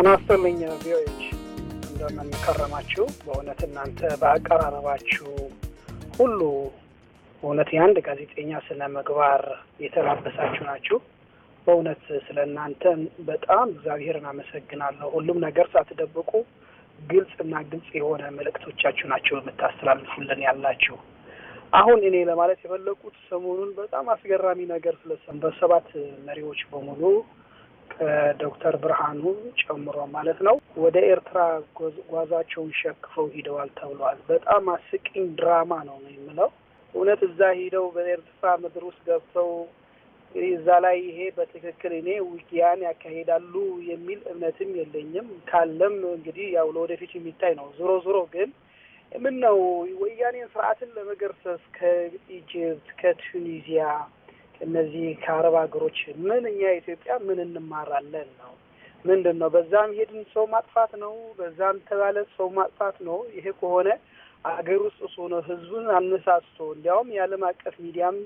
አናስተልኝ ቪዎች እንደምንከረማችሁ በእውነት እናንተ በአቀራረባችሁ ሁሉ በእውነት የአንድ ጋዜጠኛ ስነ ምግባር የተላበሳችሁ ናችሁ። በእውነት ስለ እናንተ በጣም እግዚአብሔርን አመሰግናለሁ። ሁሉም ነገር ሳትደብቁ ግልጽና ግልጽ የሆነ መልእክቶቻችሁ ናቸው የምታስተላልፉልን ያላችሁ። አሁን እኔ ለማለት የፈለኩት ሰሞኑን በጣም አስገራሚ ነገር ስለሰም በሰባት መሪዎች በሙሉ ከዶክተር ብርሃኑ ጨምሮ ማለት ነው ወደ ኤርትራ ጓዛቸውን ሸክፈው ሂደዋል ተብሏል። በጣም አስቂኝ ድራማ ነው ነው የምለው እውነት እዛ ሂደው በኤርትራ ምድር ውስጥ ገብተው እዛ ላይ ይሄ በትክክል እኔ ውጊያን ያካሂዳሉ የሚል እምነትም የለኝም። ካለም እንግዲህ ያው ለወደፊት የሚታይ ነው። ዞሮ ዞሮ ግን ምን ነው ወያኔን ስርዓትን ለመገርሰስ ከኢጅፕት፣ ከቱኒዚያ እነዚህ ከአረብ ሀገሮች ምን እኛ ኢትዮጵያ ምን እንማራለን ነው ምንድን ነው? በዛም ሄድን ሰው ማጥፋት ነው፣ በዛም ተባለ ሰው ማጥፋት ነው። ይሄ ከሆነ አገር ውስጥ እሱ ነው ህዝቡን አነሳስቶ እንዲያውም የዓለም አቀፍ ሚዲያም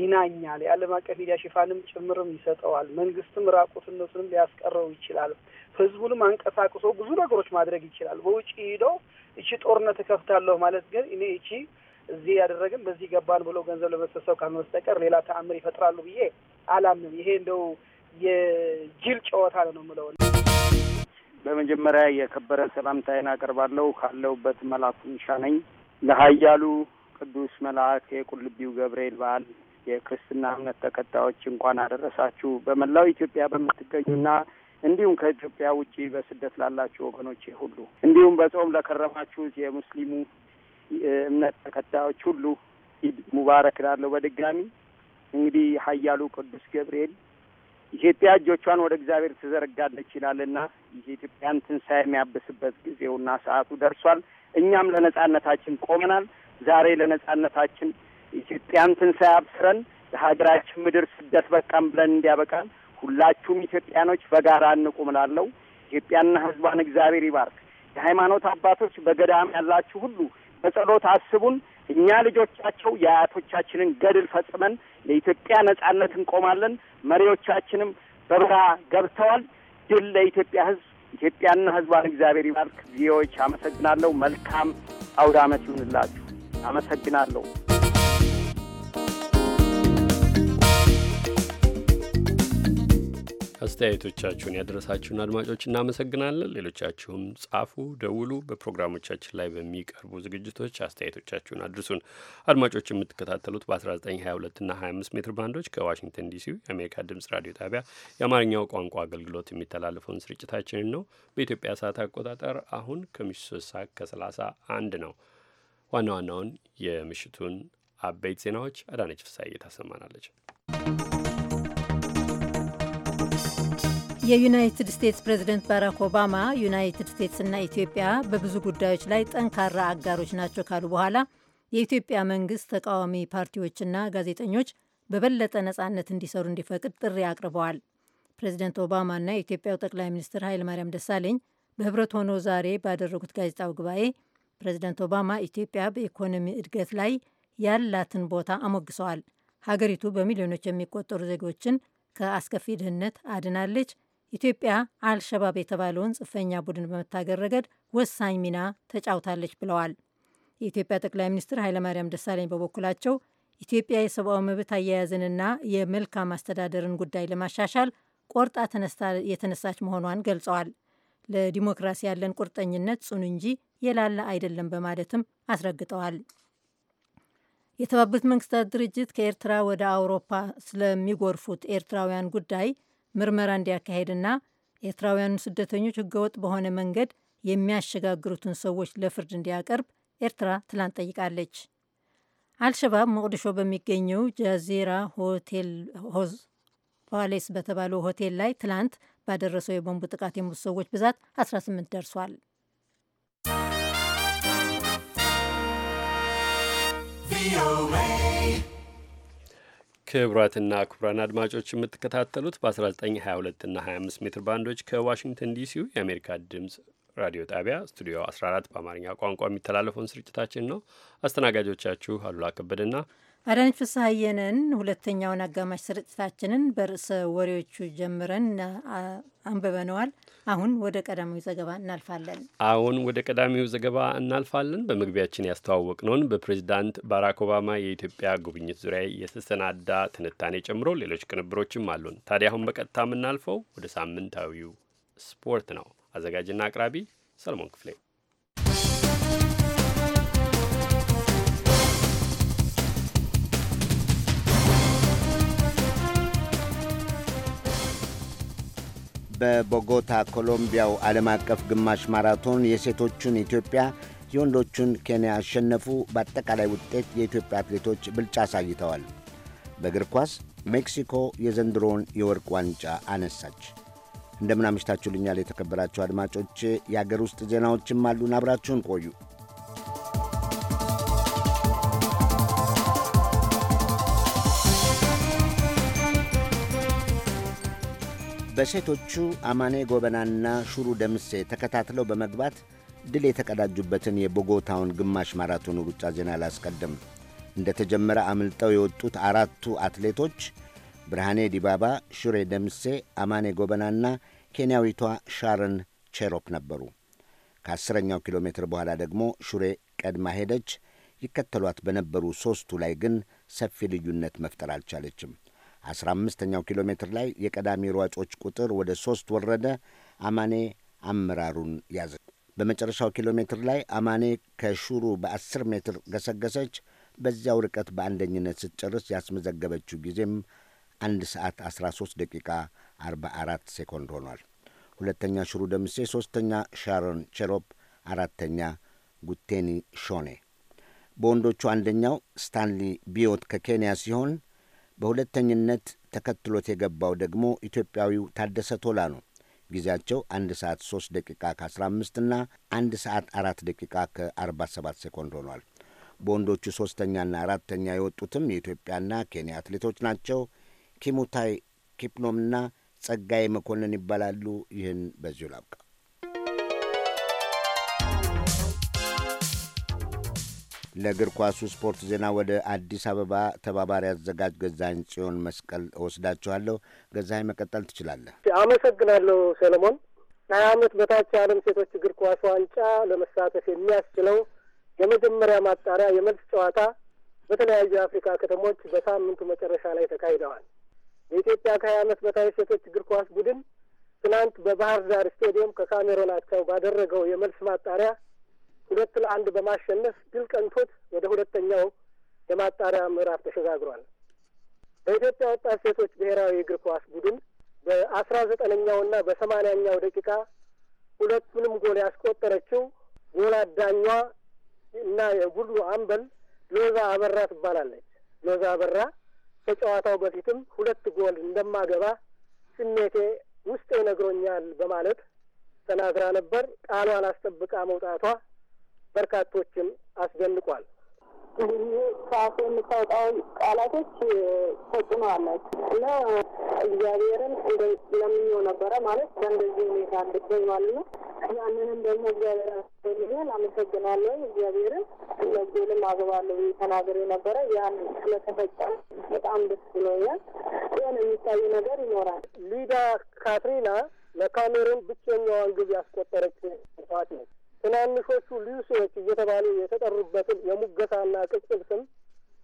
ይናኛል። የዓለም አቀፍ ሚዲያ ሽፋንም ጭምርም ይሰጠዋል። መንግስትም ራቁትነቱንም ሊያስቀረው ይችላል። ህዝቡንም አንቀሳቅሶ ብዙ ነገሮች ማድረግ ይችላል። በውጭ ሂዶ እቺ ጦርነት እከፍታለሁ ማለት ግን እኔ እቺ እዚህ ያደረግን በዚህ ገባን ብሎ ገንዘብ ለመሰብሰብ ካልመስጠቀር ሌላ ተአምር ይፈጥራሉ ብዬ አላምንም። ይሄ እንደው የጅል ጨዋታ ነው የምለው። በመጀመሪያ የከበረ ሰላምታዬን አቀርባለሁ። ካለሁበት መላኩ ንሻ ነኝ። ለሀያሉ ቅዱስ መልአክ የቁልቢው ገብርኤል በዓል የክርስትና እምነት ተከታዮች እንኳን አደረሳችሁ። በመላው ኢትዮጵያ በምትገኙና እንዲሁም ከኢትዮጵያ ውጪ በስደት ላላችሁ ወገኖች ሁሉ እንዲሁም በጾም ለከረማችሁት የሙስሊሙ እምነት ተከታዮች ሁሉ ኢድ ሙባረክ እላለሁ። በድጋሚ እንግዲህ ኃያሉ ቅዱስ ገብርኤል ኢትዮጵያ እጆቿን ወደ እግዚአብሔር ትዘረጋለች ይላልና የኢትዮጵያን ትንሣኤ የሚያብስበት ጊዜውና ሰዓቱ ደርሷል። እኛም ለነጻነታችን ቆመናል። ዛሬ ለነጻነታችን ኢትዮጵያን ትንሣኤ አብስረን የሀገራችን ምድር ስደት በቃም ብለን እንዲያበቃን ሁላችሁም ኢትዮጵያኖች በጋራ እንቁምናለው። ኢትዮጵያና ሕዝቧን እግዚአብሔር ይባርክ። የሃይማኖት አባቶች በገዳም ያላችሁ ሁሉ በጸሎት አስቡን። እኛ ልጆቻቸው የአያቶቻችንን ገድል ፈጽመን ለኢትዮጵያ ነጻነት እንቆማለን። መሪዎቻችንም በብርሃ ገብተዋል። ድል ለኢትዮጵያ ሕዝብ። ኢትዮጵያና ሕዝቧን እግዚአብሔር ይባርክ። ቪዮዎች አመሰግናለሁ። መልካም አውደ አመት ይሁንላችሁ። አመሰግናለሁ። አስተያየቶቻችሁን ያደረሳችሁን አድማጮች እናመሰግናለን። ሌሎቻችሁም ጻፉ፣ ደውሉ። በፕሮግራሞቻችን ላይ በሚቀርቡ ዝግጅቶች አስተያየቶቻችሁን አድርሱን። አድማጮች የምትከታተሉት በ1922 እና 25 ሜትር ባንዶች ከዋሽንግተን ዲሲ የአሜሪካ ድምጽ ራዲዮ ጣቢያ የአማርኛው ቋንቋ አገልግሎት የሚተላለፈውን ስርጭታችንን ነው። በኢትዮጵያ ሰዓት አቆጣጠር አሁን ከምሽቱ 3 ሰዓት ከ31 ነው። ዋና ዋናውን የምሽቱን አበይት ዜናዎች አዳነች ፍሳዬ ታሰማናለች። የዩናይትድ ስቴትስ ፕሬዝደንት ባራክ ኦባማ ዩናይትድ ስቴትስና ኢትዮጵያ በብዙ ጉዳዮች ላይ ጠንካራ አጋሮች ናቸው ካሉ በኋላ የኢትዮጵያ መንግስት ተቃዋሚ ፓርቲዎችና ጋዜጠኞች በበለጠ ነጻነት እንዲሰሩ እንዲፈቅድ ጥሪ አቅርበዋል። ፕሬዝደንት ኦባማና የኢትዮጵያው ጠቅላይ ሚኒስትር ኃይለማርያም ደሳለኝ በህብረት ሆኖ ዛሬ ባደረጉት ጋዜጣዊ ጉባኤ ፕሬዝደንት ኦባማ ኢትዮጵያ በኢኮኖሚ እድገት ላይ ያላትን ቦታ አሞግሰዋል። ሀገሪቱ በሚሊዮኖች የሚቆጠሩ ዜጎችን ከአስከፊ ድህነት አድናለች፣ ኢትዮጵያ አልሸባብ የተባለውን ጽንፈኛ ቡድን በመታገር ረገድ ወሳኝ ሚና ተጫውታለች ብለዋል። የኢትዮጵያ ጠቅላይ ሚኒስትር ኃይለማርያም ደሳለኝ በበኩላቸው ኢትዮጵያ የሰብአዊ መብት አያያዝንና የመልካም አስተዳደርን ጉዳይ ለማሻሻል ቆርጣ የተነሳች መሆኗን ገልጸዋል። ለዲሞክራሲ ያለን ቁርጠኝነት ጽኑ እንጂ የላለ አይደለም በማለትም አስረግጠዋል። የተባበሩት መንግስታት ድርጅት ከኤርትራ ወደ አውሮፓ ስለሚጎርፉት ኤርትራውያን ጉዳይ ምርመራ እንዲያካሄድና ኤርትራውያኑ ስደተኞች ህገወጥ በሆነ መንገድ የሚያሸጋግሩትን ሰዎች ለፍርድ እንዲያቀርብ ኤርትራ ትላንት ጠይቃለች። አልሸባብ ሞቅዲሾ በሚገኘው ጃዚራ ሆቴል ሆዝ ፓሌስ በተባለው ሆቴል ላይ ትላንት ባደረሰው የቦምቡ ጥቃት የሞቱ ሰዎች ብዛት 18 ደርሷል። ቪኦኤ ክቡራትና ክቡራን አድማጮች የምትከታተሉት በ1922 እና 25 ሜትር ባንዶች ከዋሽንግተን ዲሲው የአሜሪካ ድምፅ ራዲዮ ጣቢያ ስቱዲዮ 14 በአማርኛ ቋንቋ የሚተላለፈውን ስርጭታችን ነው። አስተናጋጆቻችሁ አሉላ ከበደና አዳነች ፍስሐየንን ሁለተኛውን አጋማሽ ስርጭታችንን በርዕሰ ወሬዎቹ ጀምረን አንብበነዋል። አሁን ወደ ቀዳሚው ዘገባ እናልፋለን። አሁን ወደ ቀዳሚው ዘገባ እናልፋለን። በመግቢያችን ያስተዋወቅነውን በፕሬዚዳንት ባራክ ኦባማ የኢትዮጵያ ጉብኝት ዙሪያ የተሰናዳ ትንታኔ ጨምሮ ሌሎች ቅንብሮችም አሉን። ታዲያ አሁን በቀጥታ የምናልፈው ወደ ሳምንታዊው ስፖርት ነው። አዘጋጅና አቅራቢ ሰለሞን ክፍሌ በቦጎታ ኮሎምቢያው ዓለም አቀፍ ግማሽ ማራቶን የሴቶቹን ኢትዮጵያ የወንዶቹን ኬንያ አሸነፉ። በአጠቃላይ ውጤት የኢትዮጵያ አትሌቶች ብልጫ አሳይተዋል። በእግር ኳስ ሜክሲኮ የዘንድሮውን የወርቅ ዋንጫ አነሳች። እንደምን አምሽታችሁልኛል የተከበራችሁ አድማጮች። የአገር ውስጥ ዜናዎችም አሉን። አብራችሁን ቆዩ። በሴቶቹ አማኔ ጎበናና ሹሩ ደምሴ ተከታትለው በመግባት ድል የተቀዳጁበትን የቦጎታውን ግማሽ ማራቶን ሩጫ ዜና አላስቀድም። እንደተጀመረ አምልጠው የወጡት አራቱ አትሌቶች ብርሃኔ ዲባባ፣ ሹሬ ደምሴ፣ አማኔ ጎበናና ኬንያዊቷ ሻረን ቼሮፕ ነበሩ። ከአስረኛው ኪሎ ሜትር በኋላ ደግሞ ሹሬ ቀድማ ሄደች። ይከተሏት በነበሩ ሦስቱ ላይ ግን ሰፊ ልዩነት መፍጠር አልቻለችም። 15ኛው ኪሎ ሜትር ላይ የቀዳሚ ሯጮች ቁጥር ወደ ሶስት ወረደ። አማኔ አመራሩን ያዘ። በመጨረሻው ኪሎ ሜትር ላይ አማኔ ከሹሩ በ10 ሜትር ገሰገሰች። በዚያው ርቀት በአንደኝነት ስትጨርስ ያስመዘገበችው ጊዜም 1 ሰዓት 13 ደቂቃ 44 ሴኮንድ ሆኗል። ሁለተኛ ሽሩ ደምሴ፣ ሦስተኛ ሻሮን ቼሮፕ፣ አራተኛ ጉቴኒ ሾኔ። በወንዶቹ አንደኛው ስታንሊ ቢዮት ከኬንያ ሲሆን በሁለተኝነት ተከትሎት የገባው ደግሞ ኢትዮጵያዊው ታደሰ ቶላ ነው። ጊዜያቸው 1 ሰዓት 3 ደቂቃ ከ15 እና 1 ሰዓት 4 ደቂቃ ከ47 ሴኮንድ ሆኗል። በወንዶቹ ሦስተኛና አራተኛ የወጡትም የኢትዮጵያና ኬንያ አትሌቶች ናቸው። ኪሙታይ ኪፕኖምና ጸጋዬ መኮንን ይባላሉ። ይህን በዚሁ ላብቃ። ለእግር ኳሱ ስፖርት ዜና ወደ አዲስ አበባ ተባባሪ አዘጋጅ ገዛኝ ጽዮን መስቀል እወስዳችኋለሁ። ገዛኝ መቀጠል ትችላለህ። አመሰግናለሁ ሰለሞን። ከሀያ ዓመት በታች የዓለም ሴቶች እግር ኳስ ዋንጫ ለመሳተፍ የሚያስችለው የመጀመሪያ ማጣሪያ የመልስ ጨዋታ በተለያዩ የአፍሪካ ከተሞች በሳምንቱ መጨረሻ ላይ ተካሂደዋል። የኢትዮጵያ ከሀያ አመት በታች ሴቶች እግር ኳስ ቡድን ትናንት በባህር ዳር ስቴዲየም ከካሜሮን አቻው ባደረገው የመልስ ማጣሪያ ሁለት ለአንድ በማሸነፍ ድል ቀንቶት ወደ ሁለተኛው የማጣሪያ ምዕራፍ ተሸጋግሯል። በኢትዮጵያ ወጣት ሴቶች ብሔራዊ እግር ኳስ ቡድን በአስራ ዘጠነኛውና በሰማንያኛው ደቂቃ ሁለቱንም ጎል ያስቆጠረችው ጎል አዳኟ እና የቡድኑ አምበል ሎዛ አበራ ትባላለች። ሎዛ አበራ ከጨዋታው በፊትም ሁለት ጎል እንደማገባ ስሜቴ ውስጤ ነግሮኛል በማለት ተናግራ ነበር። ቃሏን አስጠብቃ መውጣቷ በርካቶችም አስደንቋል። ይህ የምታወጣው ቃላቶች ተጽዕኖ አላቸው እና እግዚአብሔርን እንደ ለምኘው ነበረ ማለት በእንደዚህ ሁኔታ እንድገኝ ማለት ነው። ያንንም ደግሞ እግዚአብሔር ይሆን አመሰግናለሁ። እግዚአብሔርን ለጎልም አገባለሁ ተናገር ነበረ። ያን ስለተፈጸመ በጣም ደስ ብሎኛል። ሆን የሚታይ ነገር ይኖራል። ሊዳ ካትሪና ለካሜሩን ብቸኛዋን ግብ ያስቆጠረች ሰዓት ነው። ትናንሾቹ ልዩሴዎች እየተባሉ የተጠሩበትን የሙገሳና ቅጽል ስም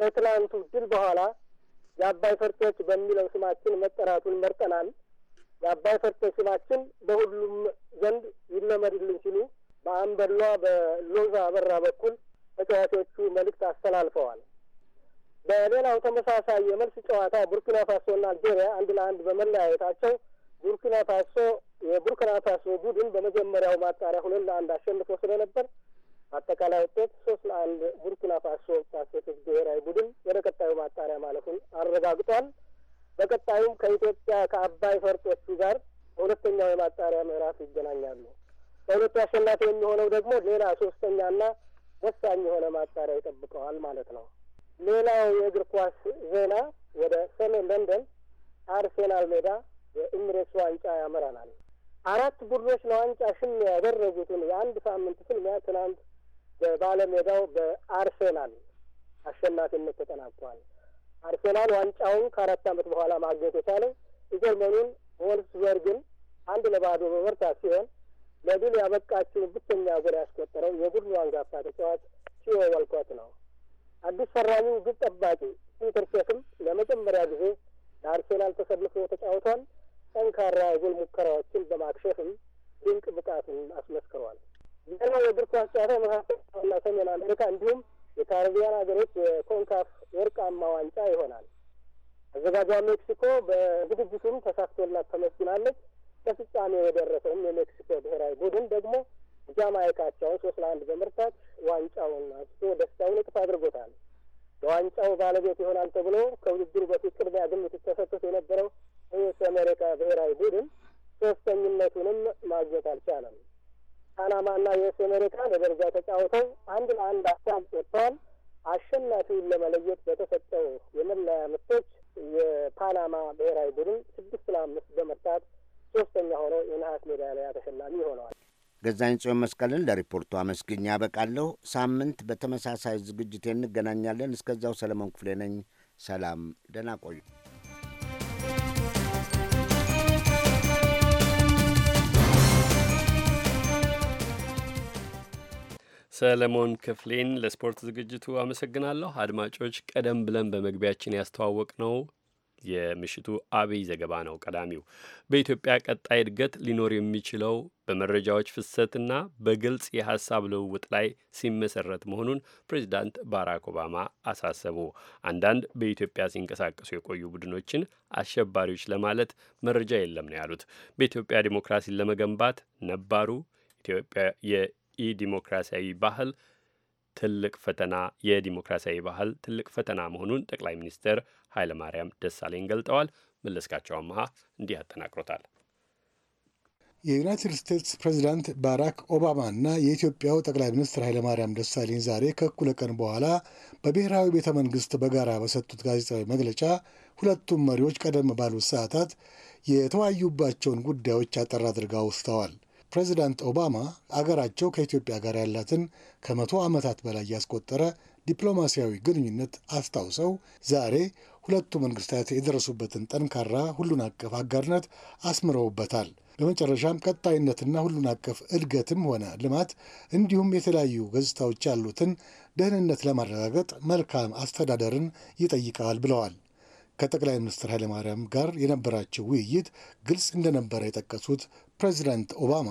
ከትናንቱ ድል በኋላ የአባይ ፈርጦች በሚለው ስማችን መጠራቱን መርጠናል። የአባይ ፈርጦች ስማችን በሁሉም ዘንድ ይለመድልን ሲሉ በአምበሏ በሎዛ አበራ በኩል ተጫዋቾቹ መልእክት አስተላልፈዋል። በሌላው ተመሳሳይ የመልስ ጨዋታ ቡርኪና ፋሶና አልጄሪያ አንድ ለአንድ በመለያየታቸው ቡርኪና ፋሶ የቡርኪናፋሶ ቡድን በመጀመሪያው ማጣሪያ ሁለት ለአንድ አሸንፎ ስለነበር አጠቃላይ ውጤት ሶስት ለአንድ ቡርኪናፋሶ ፋሶ ብሔራዊ ቡድን ወደ ቀጣዩ ማጣሪያ ማለፉን አረጋግጧል። በቀጣዩም ከኢትዮጵያ ከአባይ ፈርጦቹ ጋር በሁለተኛው የማጣሪያ ምዕራፍ ይገናኛሉ። በሁለቱ አሸናፊ የሚሆነው ደግሞ ሌላ ሶስተኛና ወሳኝ የሆነ ማጣሪያ ይጠብቀዋል ማለት ነው። ሌላው የእግር ኳስ ዜና ወደ ሰሜን ለንደን አርሴናል ሜዳ የኢሚሬትስ ዋንጫ ያመራናል። አራት ቡድኖች ለዋንጫ ሽም ያደረጉትን የአንድ ሳምንት ፍልሚያ ትናንት በባለሜዳው በአርሴናል አሸናፊነት ተጠናቋል። አርሴናል ዋንጫውን ከአራት ዓመት በኋላ ማግኘት የቻለው የጀርመኑን ቮልፍስበርግን አንድ ለባዶ በመርታት ሲሆን ለድል ያበቃችውን ብቸኛ ጎል ያስቆጠረው የቡድኑ አንጋፋ ተጫዋች ቲዮ ወልኮት ነው። አዲስ ፈራሚው ግብ ጠባቂ ፒተር ሴክም ለመጀመሪያ ጊዜ ለአርሴናል ተሰልፎ ተጫውቷል። ጠንካራ የጎል ሙከራዎችን በማክሸፍም ድንቅ ብቃትን አስመስክሯል። ዜና የእግር ኳስ ጨዋታ መካከለኛውና ሰሜን አሜሪካ እንዲሁም የካሪቢያን ሀገሮች የኮንካፍ ወርቃማ ዋንጫ ይሆናል። አዘጋጇ ሜክሲኮ በዝግጅቱም ተሳክቶላት ተመስግናለች። ከፍጻሜ የደረሰውም የሜክሲኮ ብሔራዊ ቡድን ደግሞ ጃማይካቸውን ሶስት ለአንድ በመርታት ዋንጫውን አንስቶ ደስታውን እቅፍ አድርጎታል። የዋንጫው ባለቤት ይሆናል ተብሎ ከውድድሩ በፊት ቅድሚያ ግምት ሲሰሰጡት የነበረው ርዕሰ አሜሪካ ብሔራዊ ቡድን ሶስተኝነቱንም ማግኘት አልቻለም። ፓናማና ዩኤስ አሜሪካ በደረጃ ተጫውተው አንድ ለአንድ አቻም ወጥተዋል። አሸናፊውን ለመለየት በተሰጠው የመለያ ምቶች የፓናማ ብሔራዊ ቡድን ስድስት ለአምስት በመርታት ሶስተኛ ሆኖ የነሐስ ሜዳሊያ ተሸላሚ ሆነዋል። ገዛኝ ጽዮን መስቀልን ለሪፖርቱ አመስግኛ አበቃለሁ። ሳምንት በተመሳሳይ ዝግጅት እንገናኛለን። እስከዚያው ሰለሞን ክፍሌ ነኝ። ሰላም፣ ደህና ቆዩ። ሰለሞን ክፍሌን ለስፖርት ዝግጅቱ አመሰግናለሁ። አድማጮች፣ ቀደም ብለን በመግቢያችን ያስተዋወቅ ነው የምሽቱ አብይ ዘገባ ነው። ቀዳሚው በኢትዮጵያ ቀጣይ እድገት ሊኖር የሚችለው በመረጃዎች ፍሰትና በግልጽ የሀሳብ ልውውጥ ላይ ሲመሰረት መሆኑን ፕሬዚዳንት ባራክ ኦባማ አሳሰቡ። አንዳንድ በኢትዮጵያ ሲንቀሳቀሱ የቆዩ ቡድኖችን አሸባሪዎች ለማለት መረጃ የለም ነው ያሉት። በኢትዮጵያ ዲሞክራሲን ለመገንባት ነባሩ የዲሞክራሲያዊ ባህል ትልቅ ፈተና የዲሞክራሲያዊ ባህል ትልቅ ፈተና መሆኑን ጠቅላይ ሚኒስትር ኃይለማርያም ደሳለኝ ገልጠዋል። መለስካቸው አመሃ እንዲህ አጠናቅሮታል። የዩናይትድ ስቴትስ ፕሬዚዳንት ባራክ ኦባማ እና የኢትዮጵያው ጠቅላይ ሚኒስትር ኃይለማርያም ደሳለኝ ዛሬ ከእኩለ ቀን በኋላ በብሔራዊ ቤተ መንግስት በጋራ በሰጡት ጋዜጣዊ መግለጫ ሁለቱም መሪዎች ቀደም ባሉት ሰዓታት የተወያዩባቸውን ጉዳዮች አጠር አድርገው አውስተዋል። ፕሬዚዳንት ኦባማ አገራቸው ከኢትዮጵያ ጋር ያላትን ከመቶ ዓመታት በላይ ያስቆጠረ ዲፕሎማሲያዊ ግንኙነት አስታውሰው ዛሬ ሁለቱ መንግስታት የደረሱበትን ጠንካራ ሁሉን አቀፍ አጋርነት አስምረውበታል። በመጨረሻም ቀጣይነትና ሁሉን አቀፍ እድገትም ሆነ ልማት እንዲሁም የተለያዩ ገጽታዎች ያሉትን ደህንነት ለማረጋገጥ መልካም አስተዳደርን ይጠይቃል ብለዋል። ከጠቅላይ ሚኒስትር ኃይለማርያም ጋር የነበራቸው ውይይት ግልጽ እንደነበረ የጠቀሱት ፕሬዚዳንት ኦባማ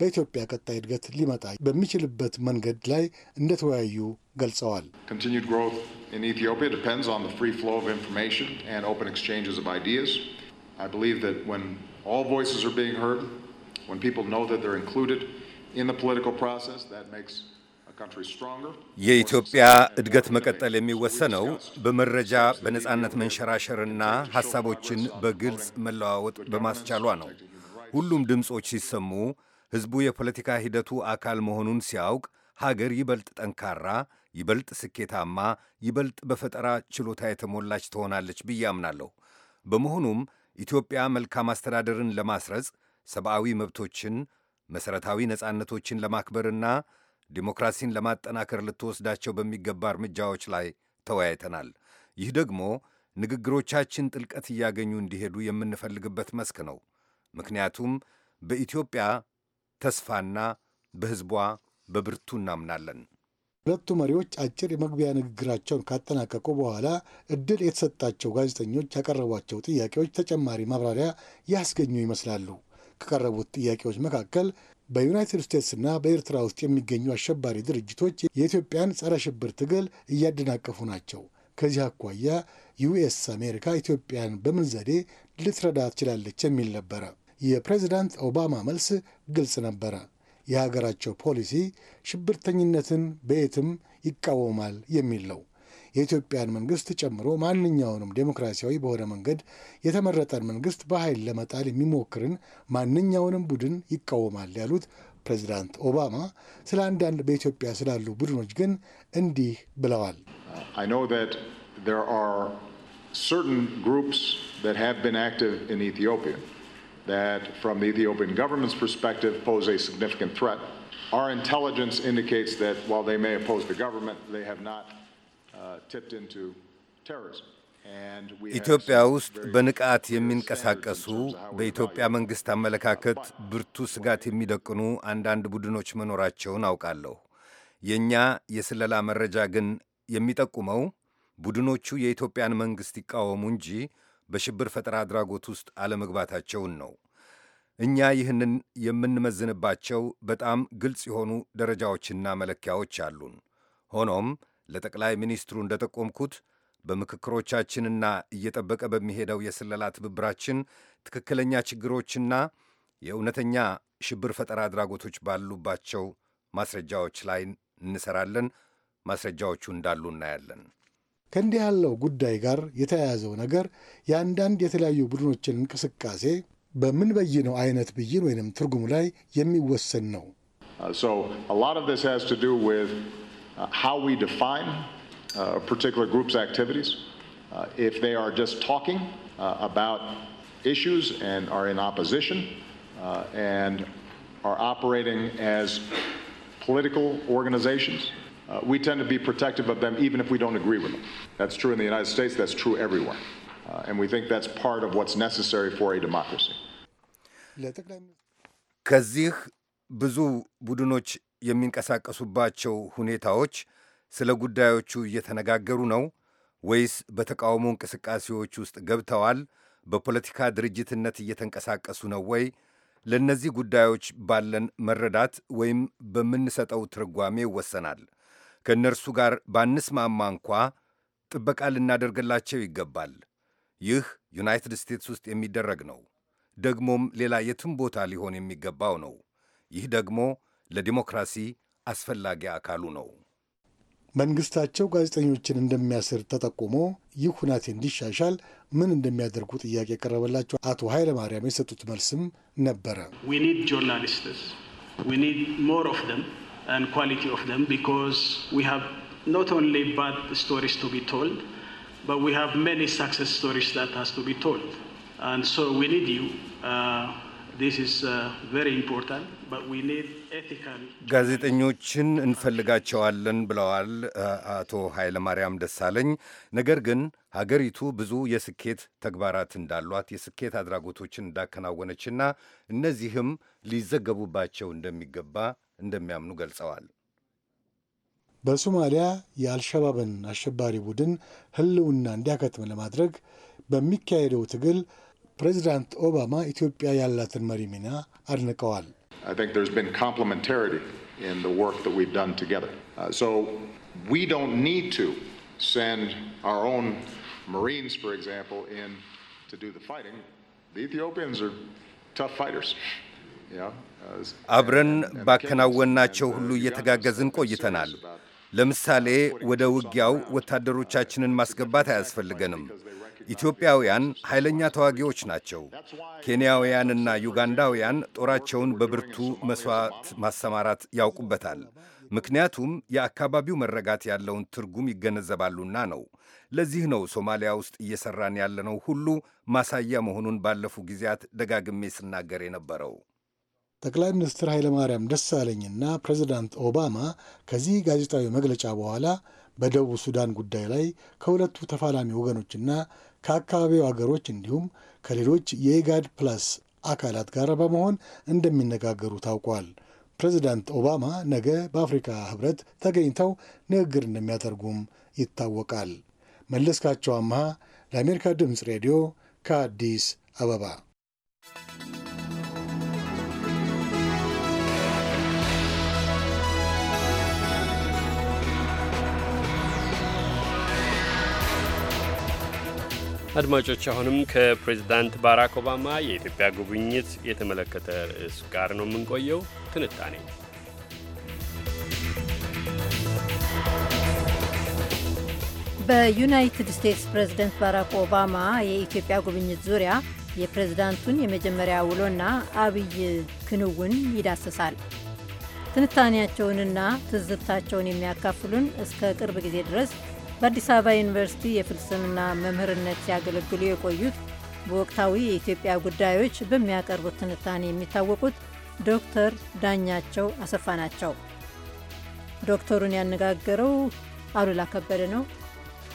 በኢትዮጵያ ቀጣይ እድገት ሊመጣ በሚችልበት መንገድ ላይ እንደተወያዩ ገልጸዋል። የኢትዮጵያ እድገት መቀጠል የሚወሰነው በመረጃ በነጻነት መንሸራሸርና ሐሳቦችን በግልጽ መለዋወጥ በማስቻሏ ነው። ሁሉም ድምፆች ሲሰሙ ሕዝቡ የፖለቲካ ሂደቱ አካል መሆኑን ሲያውቅ ሀገር ይበልጥ ጠንካራ፣ ይበልጥ ስኬታማ፣ ይበልጥ በፈጠራ ችሎታ የተሞላች ትሆናለች ብዬ አምናለሁ። በመሆኑም ኢትዮጵያ መልካም አስተዳደርን ለማስረጽ ሰብአዊ መብቶችን፣ መሠረታዊ ነጻነቶችን ለማክበርና ዲሞክራሲን ለማጠናከር ልትወስዳቸው በሚገባ እርምጃዎች ላይ ተወያይተናል። ይህ ደግሞ ንግግሮቻችን ጥልቀት እያገኙ እንዲሄዱ የምንፈልግበት መስክ ነው። ምክንያቱም በኢትዮጵያ ተስፋና በሕዝቧ በብርቱ እናምናለን። ሁለቱ መሪዎች አጭር የመግቢያ ንግግራቸውን ካጠናቀቁ በኋላ እድል የተሰጣቸው ጋዜጠኞች ያቀረቧቸው ጥያቄዎች ተጨማሪ ማብራሪያ ያስገኙ ይመስላሉ። ከቀረቡት ጥያቄዎች መካከል በዩናይትድ ስቴትስና በኤርትራ ውስጥ የሚገኙ አሸባሪ ድርጅቶች የኢትዮጵያን ጸረ ሽብር ትግል እያደናቀፉ ናቸው። ከዚህ አኳያ ዩኤስ አሜሪካ ኢትዮጵያን በምን ዘዴ ልትረዳ ትችላለች የሚል ነበረ። የፕሬዚዳንት ኦባማ መልስ ግልጽ ነበረ። የሀገራቸው ፖሊሲ ሽብርተኝነትን በየትም ይቃወማል የሚል ነው። የኢትዮጵያን መንግስት ጨምሮ ማንኛውንም ዴሞክራሲያዊ በሆነ መንገድ የተመረጠን መንግስት በኃይል ለመጣል የሚሞክርን ማንኛውንም ቡድን ይቃወማል ያሉት ፕሬዚዳንት ኦባማ ስለ አንዳንድ በኢትዮጵያ ስላሉ ቡድኖች ግን እንዲህ ብለዋል። ር ግሩፕስ ሀቭ ቢን አክቲቭ ኢን ኢትዮጵያ that, from the Ethiopian government's perspective, pose a significant threat. Our intelligence indicates that while they may oppose the government, they have not uh, tipped into terrorism. ኢትዮጵያ ውስጥ በንቃት የሚንቀሳቀሱ በኢትዮጵያ መንግሥት አመለካከት ብርቱ ስጋት የሚደቅኑ አንዳንድ ቡድኖች መኖራቸውን አውቃለሁ። የእኛ የስለላ መረጃ ግን የሚጠቁመው ቡድኖቹ የኢትዮጵያን መንግሥት ይቃወሙ እንጂ በሽብር ፈጠራ አድራጎት ውስጥ አለመግባታቸውን ነው። እኛ ይህንን የምንመዝንባቸው በጣም ግልጽ የሆኑ ደረጃዎችና መለኪያዎች አሉን። ሆኖም ለጠቅላይ ሚኒስትሩ እንደጠቆምኩት በምክክሮቻችንና እየጠበቀ በሚሄደው የስለላ ትብብራችን ትክክለኛ ችግሮችና የእውነተኛ ሽብር ፈጠራ አድራጎቶች ባሉባቸው ማስረጃዎች ላይ እንሰራለን። ማስረጃዎቹ እንዳሉ እናያለን። ከእንዲህ ያለው ጉዳይ ጋር የተያያዘው ነገር የአንዳንድ የተለያዩ ቡድኖችን እንቅስቃሴ በምን በይነው አይነት ብይን ወይንም ትርጉም ላይ የሚወሰን ነው። ሪንግ uh, uh, we tend to be protective of them even if we don't agree with them. That's true in the United States, that's true everywhere. Uh, and we think that's part of what's necessary for a democracy. ከዚህ ብዙ ቡድኖች የሚንቀሳቀሱባቸው ሁኔታዎች ስለ ጉዳዮቹ እየተነጋገሩ ነው ወይስ በተቃውሞ እንቅስቃሴዎች ውስጥ ገብተዋል? በፖለቲካ ድርጅትነት እየተንቀሳቀሱ ነው ወይ? ለእነዚህ ጉዳዮች ባለን መረዳት ወይም በምንሰጠው ትርጓሜ ይወሰናል። ከእነርሱ ጋር ባንስማማ እንኳ ጥበቃ ልናደርግላቸው ይገባል። ይህ ዩናይትድ ስቴትስ ውስጥ የሚደረግ ነው፣ ደግሞም ሌላ የትም ቦታ ሊሆን የሚገባው ነው። ይህ ደግሞ ለዲሞክራሲ አስፈላጊ አካሉ ነው። መንግስታቸው ጋዜጠኞችን እንደሚያስር ተጠቁሞ ይህ ሁናቴ እንዲሻሻል ምን እንደሚያደርጉ ጥያቄ የቀረበላቸው አቶ ኃይለ ማርያም የሰጡት መልስም ነበረ and quality of them because we have not only bad stories to be told, but we have many success stories that has to be told. And so we need you. Uh, this is uh, very important, but we need ethical... ጋዜጠኞችን እንፈልጋቸዋለን ብለዋል uh, አቶ ኃይለማርያም ደሳለኝ። ነገር ግን ሀገሪቱ ብዙ የስኬት ተግባራት እንዳሏት የስኬት አድራጎቶችን እንዳከናወነችና እነዚህም ሊዘገቡባቸው እንደሚገባ እንደሚያምኑ ገልጸዋል። በሶማሊያ የአልሸባብን አሸባሪ ቡድን ህልውና እንዲያከትም ለማድረግ በሚካሄደው ትግል ፕሬዚዳንት ኦባማ ኢትዮጵያ ያላትን መሪ ሚና አድንቀዋል። አብረን ባከናወናቸው ሁሉ እየተጋገዝን ቆይተናል። ለምሳሌ ወደ ውጊያው ወታደሮቻችንን ማስገባት አያስፈልገንም። ኢትዮጵያውያን ኃይለኛ ተዋጊዎች ናቸው። ኬንያውያንና ዩጋንዳውያን ጦራቸውን በብርቱ መሥዋዕት ማሰማራት ያውቁበታል። ምክንያቱም የአካባቢው መረጋት ያለውን ትርጉም ይገነዘባሉና ነው። ለዚህ ነው ሶማሊያ ውስጥ እየሠራን ያለነው ሁሉ ማሳያ መሆኑን ባለፉ ጊዜያት ደጋግሜ ስናገር የነበረው። ጠቅላይ ሚኒስትር ኃይለማርያም ደሳለኝና ፕሬዚዳንት ኦባማ ከዚህ ጋዜጣዊ መግለጫ በኋላ በደቡብ ሱዳን ጉዳይ ላይ ከሁለቱ ተፋላሚ ወገኖችና ከአካባቢው አገሮች እንዲሁም ከሌሎች የኢጋድ ፕላስ አካላት ጋር በመሆን እንደሚነጋገሩ ታውቋል። ፕሬዚዳንት ኦባማ ነገ በአፍሪካ ህብረት ተገኝተው ንግግር እንደሚያደርጉም ይታወቃል። መለስካቸው አምሃ ለአሜሪካ ድምፅ ሬዲዮ ከአዲስ አበባ አድማጮች አሁንም ከፕሬዚዳንት ባራክ ኦባማ የኢትዮጵያ ጉብኝት የተመለከተ ርዕስ ጋር ነው የምንቆየው። ትንታኔ በዩናይትድ ስቴትስ ፕሬዚደንት ባራክ ኦባማ የኢትዮጵያ ጉብኝት ዙሪያ የፕሬዝዳንቱን የመጀመሪያ ውሎና አብይ ክንውን ይዳስሳል። ትንታኔያቸውንና ትዝብታቸውን የሚያካፍሉን እስከ ቅርብ ጊዜ ድረስ በአዲስ አበባ ዩኒቨርሲቲ የፍልስምና መምህርነት ሲያገለግሉ የቆዩት በወቅታዊ የኢትዮጵያ ጉዳዮች በሚያቀርቡት ትንታኔ የሚታወቁት ዶክተር ዳኛቸው አሰፋ ናቸው። ዶክተሩን ያነጋገረው አሉላ ከበደ ነው።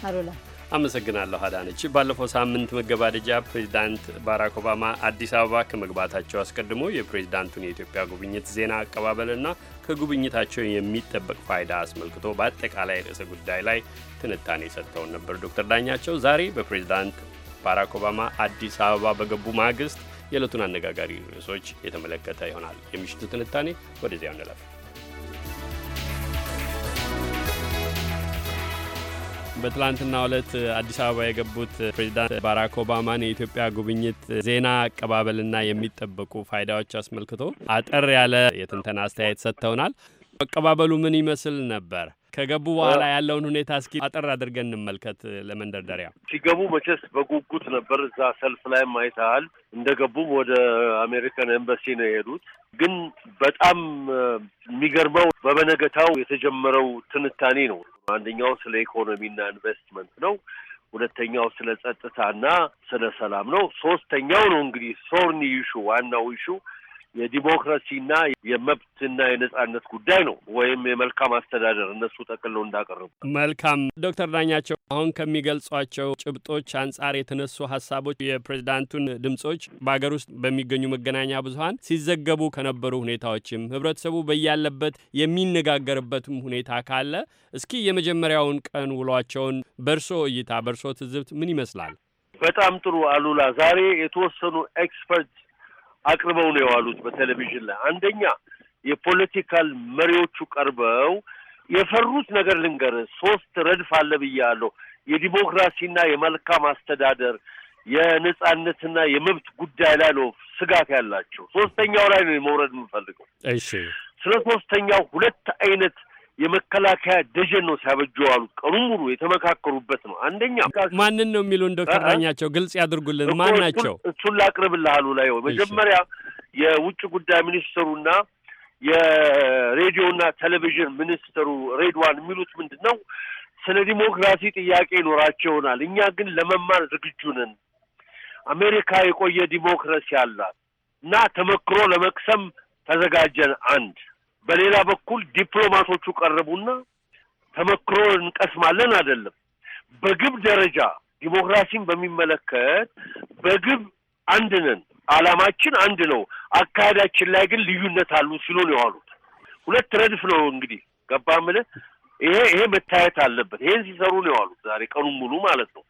አሉላ አመሰግናለሁ አዳነች። ባለፈው ሳምንት መገባደጃ ፕሬዚዳንት ባራክ ኦባማ አዲስ አበባ ከመግባታቸው አስቀድሞ የፕሬዚዳንቱን የኢትዮጵያ ጉብኝት ዜና አቀባበልና ከጉብኝታቸው የሚጠበቅ ፋይዳ አስመልክቶ በአጠቃላይ ርዕሰ ጉዳይ ላይ ትንታኔ ሰጥተውን ነበር ዶክተር ዳኛቸው። ዛሬ በፕሬዚዳንት ባራክ ኦባማ አዲስ አበባ በገቡ ማግስት የዕለቱን አነጋጋሪ ርዕሶች የተመለከተ ይሆናል። የምሽቱ ትንታኔ ወደዚያው እንለፍ። በትላንትና ዕለት አዲስ አበባ የገቡት ፕሬዚዳንት ባራክ ኦባማን የኢትዮጵያ ጉብኝት ዜና አቀባበልና የሚጠበቁ ፋይዳዎች አስመልክቶ አጠር ያለ የትንተና አስተያየት ሰጥተውናል። አቀባበሉ ምን ይመስል ነበር? ከገቡ በኋላ ያለውን ሁኔታ እስኪ አጠር አድርገን እንመልከት ለመንደርደሪያ። ሲገቡ መቼስ በጉጉት ነበር እዛ ሰልፍ ላይ ማይተሃል። እንደ ገቡም ወደ አሜሪካን ኤምባሲ ነው የሄዱት። ግን በጣም የሚገርመው በበነገታው የተጀመረው ትንታኔ ነው። አንደኛው ስለ ኢኮኖሚና ኢንቨስትመንት ነው። ሁለተኛው ስለ ጸጥታና ስለ ሰላም ነው። ሶስተኛው ነው እንግዲህ ሶርኒ ኢሹ ዋናው ኢሹ የዲሞክራሲና የመብትና የነጻነት ጉዳይ ነው ወይም የመልካም አስተዳደር እነሱ ጠቅለው እንዳቀረቡ። መልካም ዶክተር ዳኛቸው አሁን ከሚገልጿቸው ጭብጦች አንጻር የተነሱ ሀሳቦች የፕሬዚዳንቱን ድምጾች በሀገር ውስጥ በሚገኙ መገናኛ ብዙኃን ሲዘገቡ ከነበሩ ሁኔታዎችም ህብረተሰቡ በያለበት የሚነጋገርበትም ሁኔታ ካለ እስኪ የመጀመሪያውን ቀን ውሏቸውን በእርሶ እይታ በእርሶ ትዝብት ምን ይመስላል? በጣም ጥሩ አሉላ። ዛሬ የተወሰኑ ኤክስፐርት አቅርበው ነው የዋሉት በቴሌቪዥን ላይ። አንደኛ የፖለቲካል መሪዎቹ ቀርበው የፈሩት ነገር ልንገር፣ ሶስት ረድፍ አለ ብያለሁ። የዲሞክራሲና የመልካም አስተዳደር የነጻነትና የመብት ጉዳይ ላይ ነው ስጋት ያላቸው። ሶስተኛው ላይ ነው መውረድ የምንፈልገው። እሺ፣ ስለ ሶስተኛው ሁለት አይነት የመከላከያ ደጀን ነው ሲያበጁ አሉ። ቀኑ ሙሉ የተመካከሩበት ነው። አንደኛ ማንን ነው የሚሉን ዶክተር ዳኛቸው ግልጽ ያድርጉልን። ማን ናቸው? እሱን ላቅርብልሃሉ ላይ መጀመሪያ የውጭ ጉዳይ ሚኒስትሩና የሬዲዮና ቴሌቪዥን ሚኒስትሩ ሬድዋን የሚሉት ምንድን ነው? ስለ ዲሞክራሲ ጥያቄ ይኖራቸውናል። እኛ ግን ለመማር ዝግጁ ነን። አሜሪካ የቆየ ዲሞክራሲ አላት እና ተመክሮ ለመቅሰም ተዘጋጀን። አንድ በሌላ በኩል ዲፕሎማቶቹ ቀረቡና ተመክሮ እንቀስማለን አይደለም። በግብ ደረጃ ዲሞክራሲን በሚመለከት በግብ አንድ ነን፣ አላማችን አንድ ነው፣ አካሄዳችን ላይ ግን ልዩነት አሉ ሲሉ ነው የዋሉት። ሁለት ረድፍ ነው እንግዲህ ገባ የምልህ ይሄ ይሄ መታየት አለበት። ይሄን ሲሰሩ ነው የዋሉት ዛሬ ቀኑን ሙሉ ማለት ነው።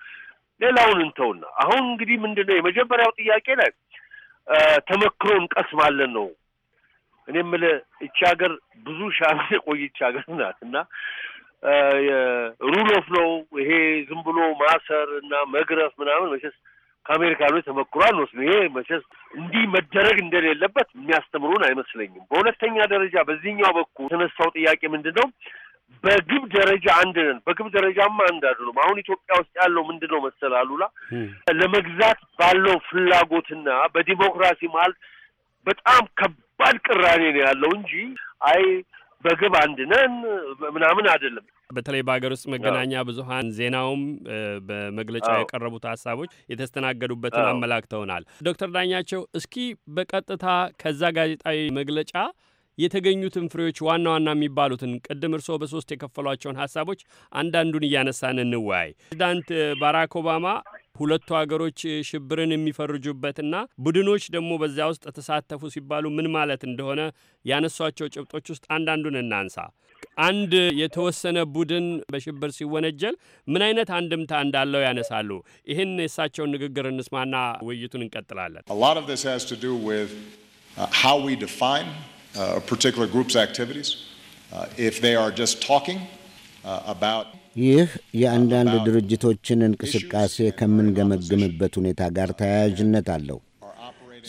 ሌላውን እንተውና አሁን እንግዲህ ምንድን ነው የመጀመሪያው ጥያቄ ላይ ተመክሮ እንቀስማለን ነው እኔ የምልህ ይቺ ሀገር ብዙ ሺህ ዓመት የቆየች ሀገር ናት እና ሩል ኦፍ ሎው ይሄ ዝም ብሎ ማሰር እና መግረፍ ምናምን መቼስ ከአሜሪካኖች ተመክሮ አልወስዱ። ይሄ መቼስ እንዲህ መደረግ እንደሌለበት የሚያስተምሩን አይመስለኝም። በሁለተኛ ደረጃ በዚህኛው በኩል የተነሳው ጥያቄ ምንድን ነው? በግብ ደረጃ አንድ ነን። በግብ ደረጃማ አንድ አይደሉም። አሁን ኢትዮጵያ ውስጥ ያለው ምንድን ነው መሰል አሉላ ለመግዛት ባለው ፍላጎትና በዲሞክራሲ መሀል በጣም ከባ ከባድ ቅራኔ ነው ያለው እንጂ አይ በግብ አንድ ነን ምናምን አይደለም። በተለይ በሀገር ውስጥ መገናኛ ብዙኃን ዜናውም በመግለጫ የቀረቡት ሀሳቦች የተስተናገዱበትን አመላክተውናል። ዶክተር ዳኛቸው እስኪ በቀጥታ ከዛ ጋዜጣዊ መግለጫ የተገኙትን ፍሬዎች ዋና ዋና የሚባሉትን ቅድም እርስዎ በሶስት የከፈሏቸውን ሀሳቦች አንዳንዱን እያነሳን እንወያይ። ፕሬዚዳንት ባራክ ኦባማ ሁለቱ አገሮች ሽብርን የሚፈርጁበትና ቡድኖች ደግሞ በዚያ ውስጥ ተሳተፉ ሲባሉ ምን ማለት እንደሆነ ያነሷቸው ጭብጦች ውስጥ አንዳንዱን እናንሳ። አንድ የተወሰነ ቡድን በሽብር ሲወነጀል ምን አይነት አንድምታ እንዳለው ያነሳሉ። ይህን የእሳቸውን ንግግር እንስማና ውይይቱን እንቀጥላለን። ይህ የአንዳንድ ድርጅቶችን እንቅስቃሴ ከምንገመግምበት ሁኔታ ጋር ተያያዥነት አለው።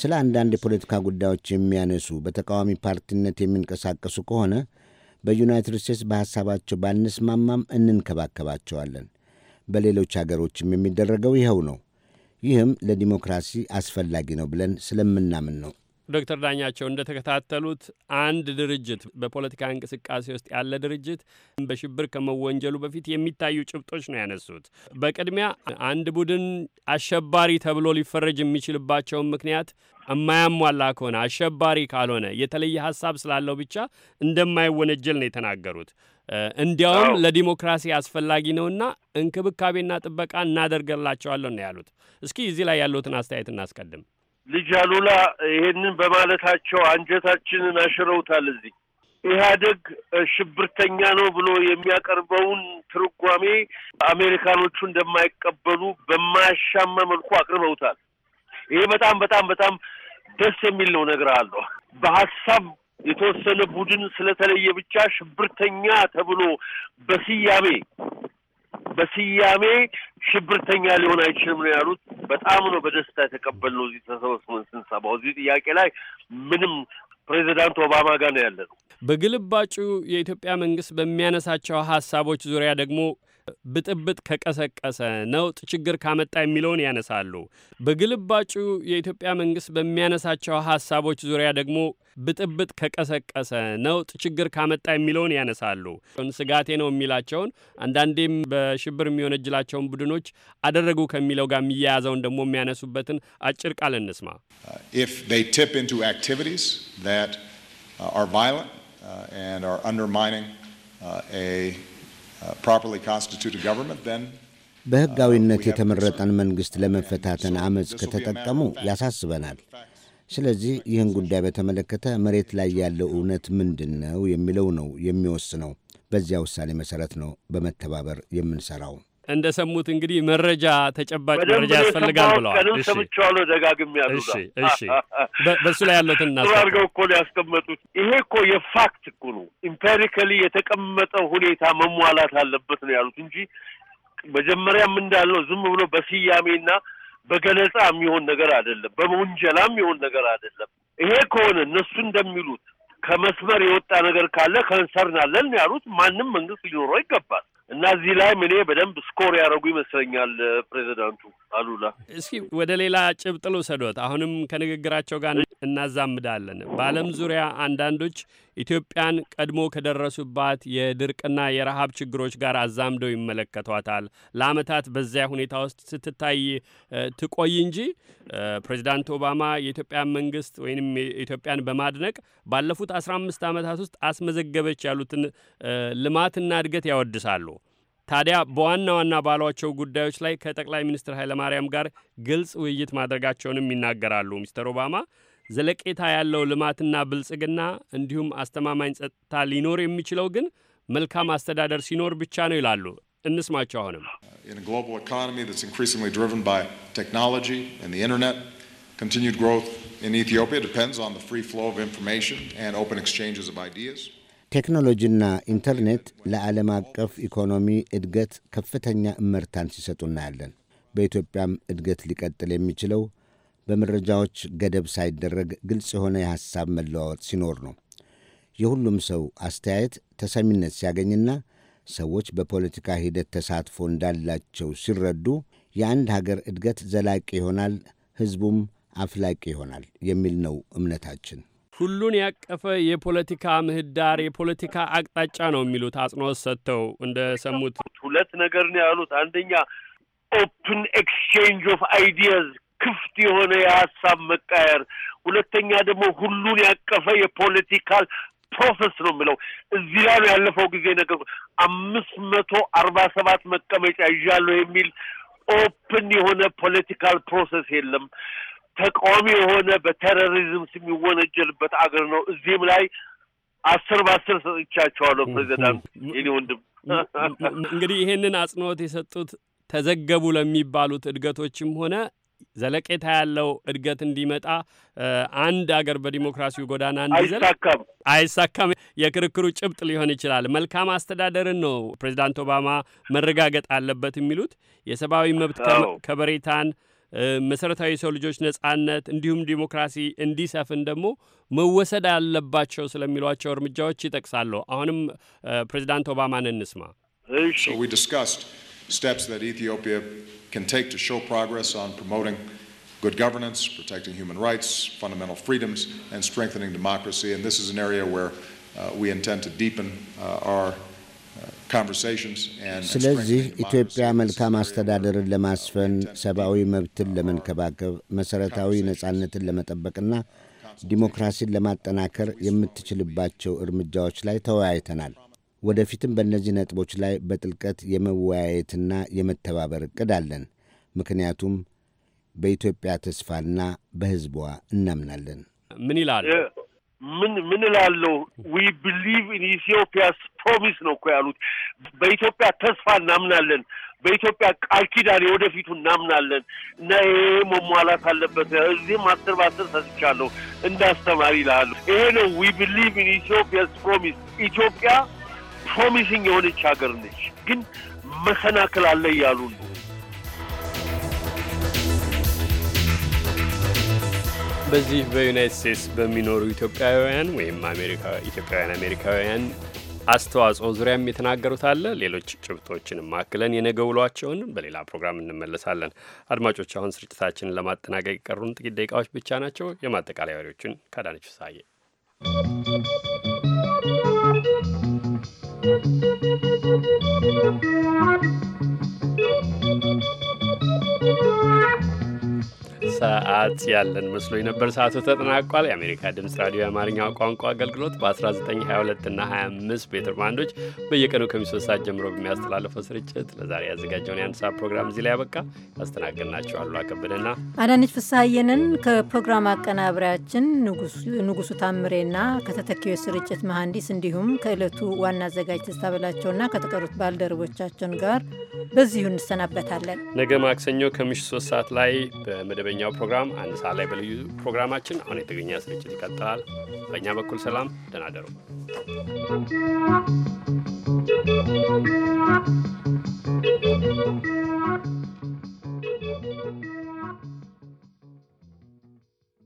ስለ አንዳንድ የፖለቲካ ጉዳዮች የሚያነሱ በተቃዋሚ ፓርቲነት የሚንቀሳቀሱ ከሆነ በዩናይትድ ስቴትስ በሐሳባቸው ባንስማማም እንንከባከባቸዋለን። በሌሎች አገሮችም የሚደረገው ይኸው ነው። ይህም ለዲሞክራሲ አስፈላጊ ነው ብለን ስለምናምን ነው። ዶክተር ዳኛቸው እንደተከታተሉት አንድ ድርጅት በፖለቲካ እንቅስቃሴ ውስጥ ያለ ድርጅት በሽብር ከመወንጀሉ በፊት የሚታዩ ጭብጦች ነው ያነሱት። በቅድሚያ አንድ ቡድን አሸባሪ ተብሎ ሊፈረጅ የሚችልባቸውን ምክንያት እማያሟላ ከሆነ አሸባሪ ካልሆነ የተለየ ሀሳብ ስላለው ብቻ እንደማይወነጀል ነው የተናገሩት። እንዲያውም ለዲሞክራሲ አስፈላጊ ነውና እንክብካቤና ጥበቃ እናደርገላቸዋለን ነው ያሉት። እስኪ እዚህ ላይ ያለሁትን አስተያየት እናስቀድም። ልጅ አሉላ ይሄንን በማለታቸው አንጀታችንን አሽረውታል። እዚህ ኢህአደግ ሽብርተኛ ነው ብሎ የሚያቀርበውን ትርጓሜ አሜሪካኖቹ እንደማይቀበሉ በማያሻማ መልኩ አቅርበውታል። ይሄ በጣም በጣም በጣም ደስ የሚል ነው። ነገር አለሁ በሀሳብ የተወሰነ ቡድን ስለተለየ ብቻ ሽብርተኛ ተብሎ በስያሜ በስያሜ ሽብርተኛ ሊሆን አይችልም ነው ያሉት። በጣም ነው በደስታ የተቀበልነው እዚህ ተሰበስበን ስንሰማው። እዚህ ጥያቄ ላይ ምንም ፕሬዚዳንት ኦባማ ጋር ነው ያለ ነው። በግልባጩ የኢትዮጵያ መንግስት በሚያነሳቸው ሀሳቦች ዙሪያ ደግሞ ብጥብጥ ከቀሰቀሰ ነውጥ ችግር ካመጣ የሚለውን ያነሳሉ። በግልባጩ የኢትዮጵያ መንግስት በሚያነሳቸው ሀሳቦች ዙሪያ ደግሞ ብጥብጥ ከቀሰቀሰ ነውጥ ችግር ካመጣ የሚለውን ያነሳሉ። ስጋቴ ነው የሚላቸውን አንዳንዴም በሽብር የሚወነጅላቸውን ቡድኖች አደረጉ ከሚለው ጋር የሚያያዘውን ደግሞ የሚያነሱበትን አጭር ቃል እንስማ። በሕጋዊነት uh, የተመረጠን መንግሥት ለመፈታተን ዐመፅ ከተጠቀሙ ያሳስበናል። ስለዚህ ይህን ጉዳይ በተመለከተ መሬት ላይ ያለው እውነት ምንድን ነው የሚለው ነው የሚወስነው። በዚያ ውሳኔ መሠረት ነው በመተባበር የምንሠራው። እንደ ሰሙት እንግዲህ መረጃ ተጨባጭ መረጃ ያስፈልጋል ብለዋል። ቀንም ሰምቼዋለሁ ደጋግሜ ያሉ እሺ፣ በእሱ ላይ ያለትን እና አድርገው እኮ ያስቀመጡት ይሄ እኮ የፋክት እኮ ነው። ኢምፔሪካሊ የተቀመጠ ሁኔታ መሟላት አለበት ነው ያሉት እንጂ መጀመሪያም እንዳለው ዝም ብሎ በስያሜና በገለጻ የሚሆን ነገር አይደለም፣ በመውንጀላ የሚሆን ነገር አይደለም። ይሄ ከሆነ እነሱ እንደሚሉት ከመስመር የወጣ ነገር ካለ ከንሰርናለን ያሉት ማንም መንግስት ሊኖረው ይገባል። እና እዚህ ላይም እኔ በደንብ ስኮር ያደረጉ ይመስለኛል ፕሬዚዳንቱ። አሉላ እስኪ ወደ ሌላ ጭብጥ ልውሰዶት። አሁንም ከንግግራቸው ጋር እናዛምዳለን። በዓለም ዙሪያ አንዳንዶች ኢትዮጵያን ቀድሞ ከደረሱባት የድርቅና የረሃብ ችግሮች ጋር አዛምደው ይመለከቷታል። ለአመታት በዚያ ሁኔታ ውስጥ ስትታይ ትቆይ እንጂ ፕሬዚዳንት ኦባማ የኢትዮጵያን መንግስት ወይም ኢትዮጵያን በማድነቅ ባለፉት አስራ አምስት ዓመታት ውስጥ አስመዘገበች ያሉትን ልማትና እድገት ያወድሳሉ። ታዲያ በዋና ዋና ባሏቸው ጉዳዮች ላይ ከጠቅላይ ሚኒስትር ኃይለማርያም ጋር ግልጽ ውይይት ማድረጋቸውንም ይናገራሉ። ሚስተር ኦባማ ዘለቄታ ያለው ልማትና ብልጽግና እንዲሁም አስተማማኝ ጸጥታ ሊኖር የሚችለው ግን መልካም አስተዳደር ሲኖር ብቻ ነው ይላሉ። እንስማቸው። አሁንም ኢንተርኔት ቴክኖሎጂና ኢንተርኔት ለዓለም አቀፍ ኢኮኖሚ እድገት ከፍተኛ እመርታን ሲሰጡ እናያለን። በኢትዮጵያም እድገት ሊቀጥል የሚችለው በመረጃዎች ገደብ ሳይደረግ ግልጽ የሆነ የሐሳብ መለዋወጥ ሲኖር ነው። የሁሉም ሰው አስተያየት ተሰሚነት ሲያገኝና ሰዎች በፖለቲካ ሂደት ተሳትፎ እንዳላቸው ሲረዱ የአንድ ሀገር እድገት ዘላቂ ይሆናል፣ ሕዝቡም አፍላቂ ይሆናል የሚል ነው እምነታችን። ሁሉን ያቀፈ የፖለቲካ ምህዳር፣ የፖለቲካ አቅጣጫ ነው የሚሉት አጽንኦት ሰጥተው እንደ ሰሙት ሁለት ነገር ነው ያሉት። አንደኛ ኦፕን ኤክስቼንጅ ኦፍ አይዲያዝ ክፍት የሆነ የሀሳብ መቃየር፣ ሁለተኛ ደግሞ ሁሉን ያቀፈ የፖለቲካል ፕሮሰስ ነው የምለው። እዚህ ላይ ነው ያለፈው ጊዜ ነገር አምስት መቶ አርባ ሰባት መቀመጫ ይዣለሁ የሚል ኦፕን የሆነ ፖለቲካል ፕሮሰስ የለም። ተቃዋሚ የሆነ በቴሮሪዝም የሚወነጀልበት አገር ነው። እዚህም ላይ አስር በአስር ሰጥቻቸዋለሁ። ፕሬዚዳንት የኔ ወንድም እንግዲህ ይህንን አጽንኦት የሰጡት ተዘገቡ ለሚባሉት እድገቶችም ሆነ ዘለቄታ ያለው እድገት እንዲመጣ አንድ አገር በዲሞክራሲው ጎዳና እንዲዘል አይሳካም የክርክሩ ጭብጥ ሊሆን ይችላል። መልካም አስተዳደርን ነው ፕሬዚዳንት ኦባማ መረጋገጥ አለበት የሚሉት የሰብአዊ መብት ከበሬታን መሰረታዊ የሰው ልጆች ነጻነት እንዲሁም ዲሞክራሲ እንዲሰፍን ደግሞ መወሰድ ያለባቸው ስለሚሏቸው እርምጃዎች ይጠቅሳሉ። አሁንም ፕሬዚዳንት ኦባማን እንስማ። good governance, protecting human rights, fundamental freedoms, and strengthening democracy. And this is an area where uh, we intend to deepen uh, our ስለዚህ ኢትዮጵያ መልካም አስተዳደርን ለማስፈን ሰብአዊ መብትን ለመንከባከብ መሠረታዊ ነጻነትን ለመጠበቅና ዲሞክራሲን ለማጠናከር የምትችልባቸው እርምጃዎች ላይ ተወያይተናል። ወደፊትም በእነዚህ ነጥቦች ላይ በጥልቀት የመወያየትና የመተባበር እቅድ አለን። ምክንያቱም በኢትዮጵያ ተስፋና በሕዝቧ እናምናለን። ምን ይላል? ምን ምን እላለሁ ዊ ብሊቭ ኢን ኢትዮጵያስ ፕሮሚስ ነው እኮ ያሉት። በኢትዮጵያ ተስፋ እናምናለን፣ በኢትዮጵያ ቃል ኪዳን የወደፊቱ እናምናለን እና ይሄ መሟላት አለበት። እዚህም አስር በአስር ሰጥቻለሁ እንዳስተማሪ ይላሉ። ይሄ ነው ዊ ብሊቭ ኢን ኢትዮጵያስ ፕሮሚስ። ኢትዮጵያ ፕሮሚሲንግ የሆነች ሀገር ነች፣ ግን መሰናክል አለ እያሉ ነው በዚህ በዩናይት ስቴትስ በሚኖሩ ኢትዮጵያውያን ወይም ኢትዮጵያውያን አሜሪካውያን አስተዋጽኦ ዙሪያም የተናገሩት አለ። ሌሎች ጭብጦችንም ማክለን የነገ ውሏቸውን በሌላ ፕሮግራም እንመለሳለን። አድማጮች፣ አሁን ስርጭታችንን ለማጠናቀቅ የቀሩን ጥቂት ደቂቃዎች ብቻ ናቸው። የማጠቃለያ ወሬዎችን ካዳነች ሳየ Thank you. ሰዓት ያለን መስሎ የነበር ሰዓቱ ተጠናቋል። የአሜሪካ ድምፅ ራዲዮ የአማርኛ ቋንቋ አገልግሎት በ1922 እና 25 ሜትር ባንዶች በየቀኑ ከሚሶስት ሰዓት ጀምሮ በሚያስተላልፈው ስርጭት ለዛሬ ያዘጋጀውን የአንድ ሰዓት ፕሮግራም እዚህ ላይ ያበቃ። ያስተናገድናችሁ አሉ አከበደና አዳነች ፍስሐየንን ከፕሮግራም አቀናብሪያችን ንጉሱ ታምሬና ከተተኪው ስርጭት መሐንዲስ እንዲሁም ከእለቱ ዋና አዘጋጅ ተስታበላቸውና ከተቀሩት ባልደረቦቻችን ጋር በዚሁ እንሰናበታለን። ነገ ማክሰኞ ከምሽት ሶስት ሰዓት ላይ በመደበኛ በዚህኛው ፕሮግራም አንድ ሰዓት ላይ በልዩ ፕሮግራማችን አሁን የተገኘ ስርጭት ይቀጥላል። በእኛ በኩል ሰላም፣ ደህና እደሩ።